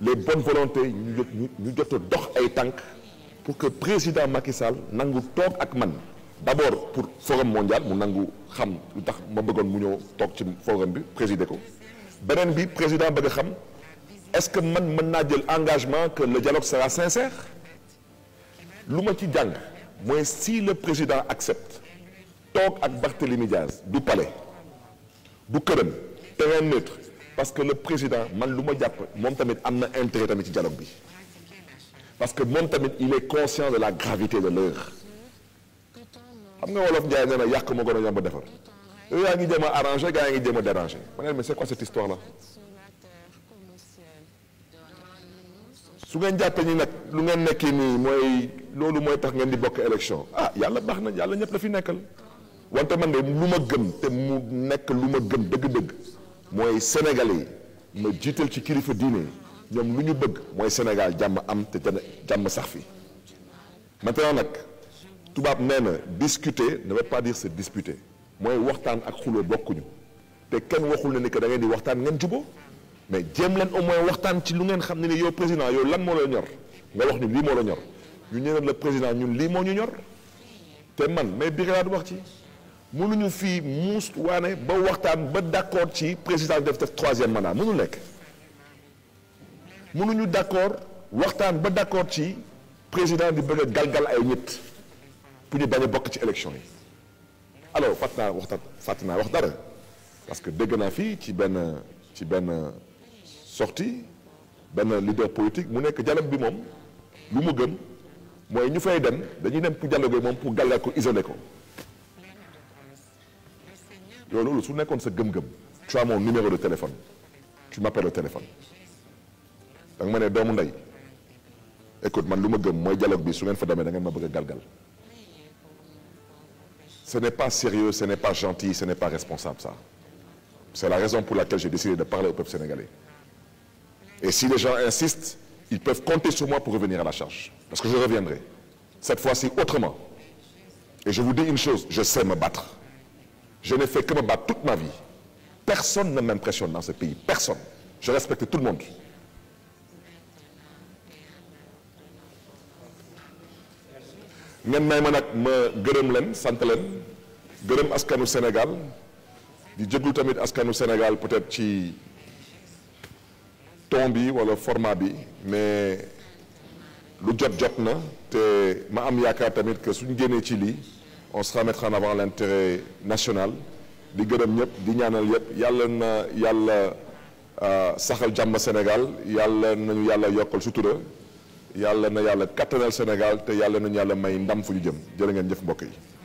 les bonnes volontés ñu ñu ñu jot dox ay tànk pour que président Macky Sall nangu toog ak man d'abord pour forum mondial mu nangu xam lu tax ma bëggoon mu ñëw toog ci forum bi présider ko beneen bi président bëgg a xam est-ce que man mën naa jël engagement que le dialogue sera sincère lu ma ci jàng mooy si le président accepte toog ak Barthélémy Diaz du palais du këram terrain neutre parce que le président man lu ma jàpp moom tamit am na intérêt tamit ci dialogue bi parce que moom tamit il est conscient de la gravité de l'heure xam nga wolof Njaay nee na yàq ma gën a yomb defar yaa ngi jéem a arrangé gaa ngi jéem a dérangé ma ne mais c'est quoi cette histoire là su ngeen jàppee ni nag lu ngeen nekki nii mooy loolu mooy tax ngeen di bokk élection ah yàlla baax na yàlla ñëpp la fi nekkal wante man de lu ma gën te mu nekk lu ma gën dëgg-dëgg mooy sénégalais ma jiital ci kilifa diine ñoom lu ñu bëgg mooy Sénégal jàmm am te jàmm sax fii maintenant nag tubaab nee na discuter ne veut pas dire se disputer mooy waxtaan ak xuloo bokkuñu te kenn waxul ne ni que da ngeen di waxtaan ngeen juboo mais jéem leen au moins waxtaan ci lu ngeen xam ne ni yow président yow lan moo la ñor nga wax ñu lii moo la ñor ñu ñeneen la président ñun lii moo ñu ñor te man mais biir wax ci. mënuñu fii muus waane ba waxtaan ba d'accord ci président def def troisième mandat mënul nekk mënuñu d'accord waxtaan ba d'accord ci président di bëgg a galgal ay nit pour ñu bañ a bokk ci élection yi alors fàtt naa waxtaan fàtt naa wax dara parce que dégg naa fii ci benn ci benn sortie benn leader politique mu nekk dialogue bi moom lu mu gëm mooy ñu fay dem dañuy dem pour dialogue moom pour galgal ko isoler ko yow loolu su nekkoon sa gëm-gëm tu as mon numéro de téléphone tu m'appelles au téléphone da nga ma ne doomu ndey écoute man lu ma gëm mooy dialogue bi su ngeen fa demee da ngeen ma bëgg a galgal ce n'est pas sérieux ce n'est pas gentil ce n'est pas responsable ça c'est la raison pour laquelle j'ai décidé de parler au peuple sénégalais et si les gens insistent ils peuvent compter sur moi pour revenir à la charge parce que je reviendrai cette fois-ci autrement et je vous dis une chose je Je n'ai fait que me battre toute ma vie. Personne ne m'impressionne dans ce pays. Personne. Je respecte tout le monde. ngeen may ma nag ma gërëm leen sant leen gërëm askanu Sénégal di jéglu tamit askanu Sénégal peut-être ci ton bi walla format bi mais lu jot jot na te ma am yaakaar tamit que suñ génnee ci lii on sera mettre en avant l'intérêt national di gërëm ñëpp di ñaanal yëpp yàlla na yàlla euh, saxal jàmm Sénégal yàlla nañu yàlla yokkal sutura yàlla na yàlla kattanal Sénégal te yàlla nañu yàlla may ndam fu ñu jëm jërë ngeen jëf mbokk yi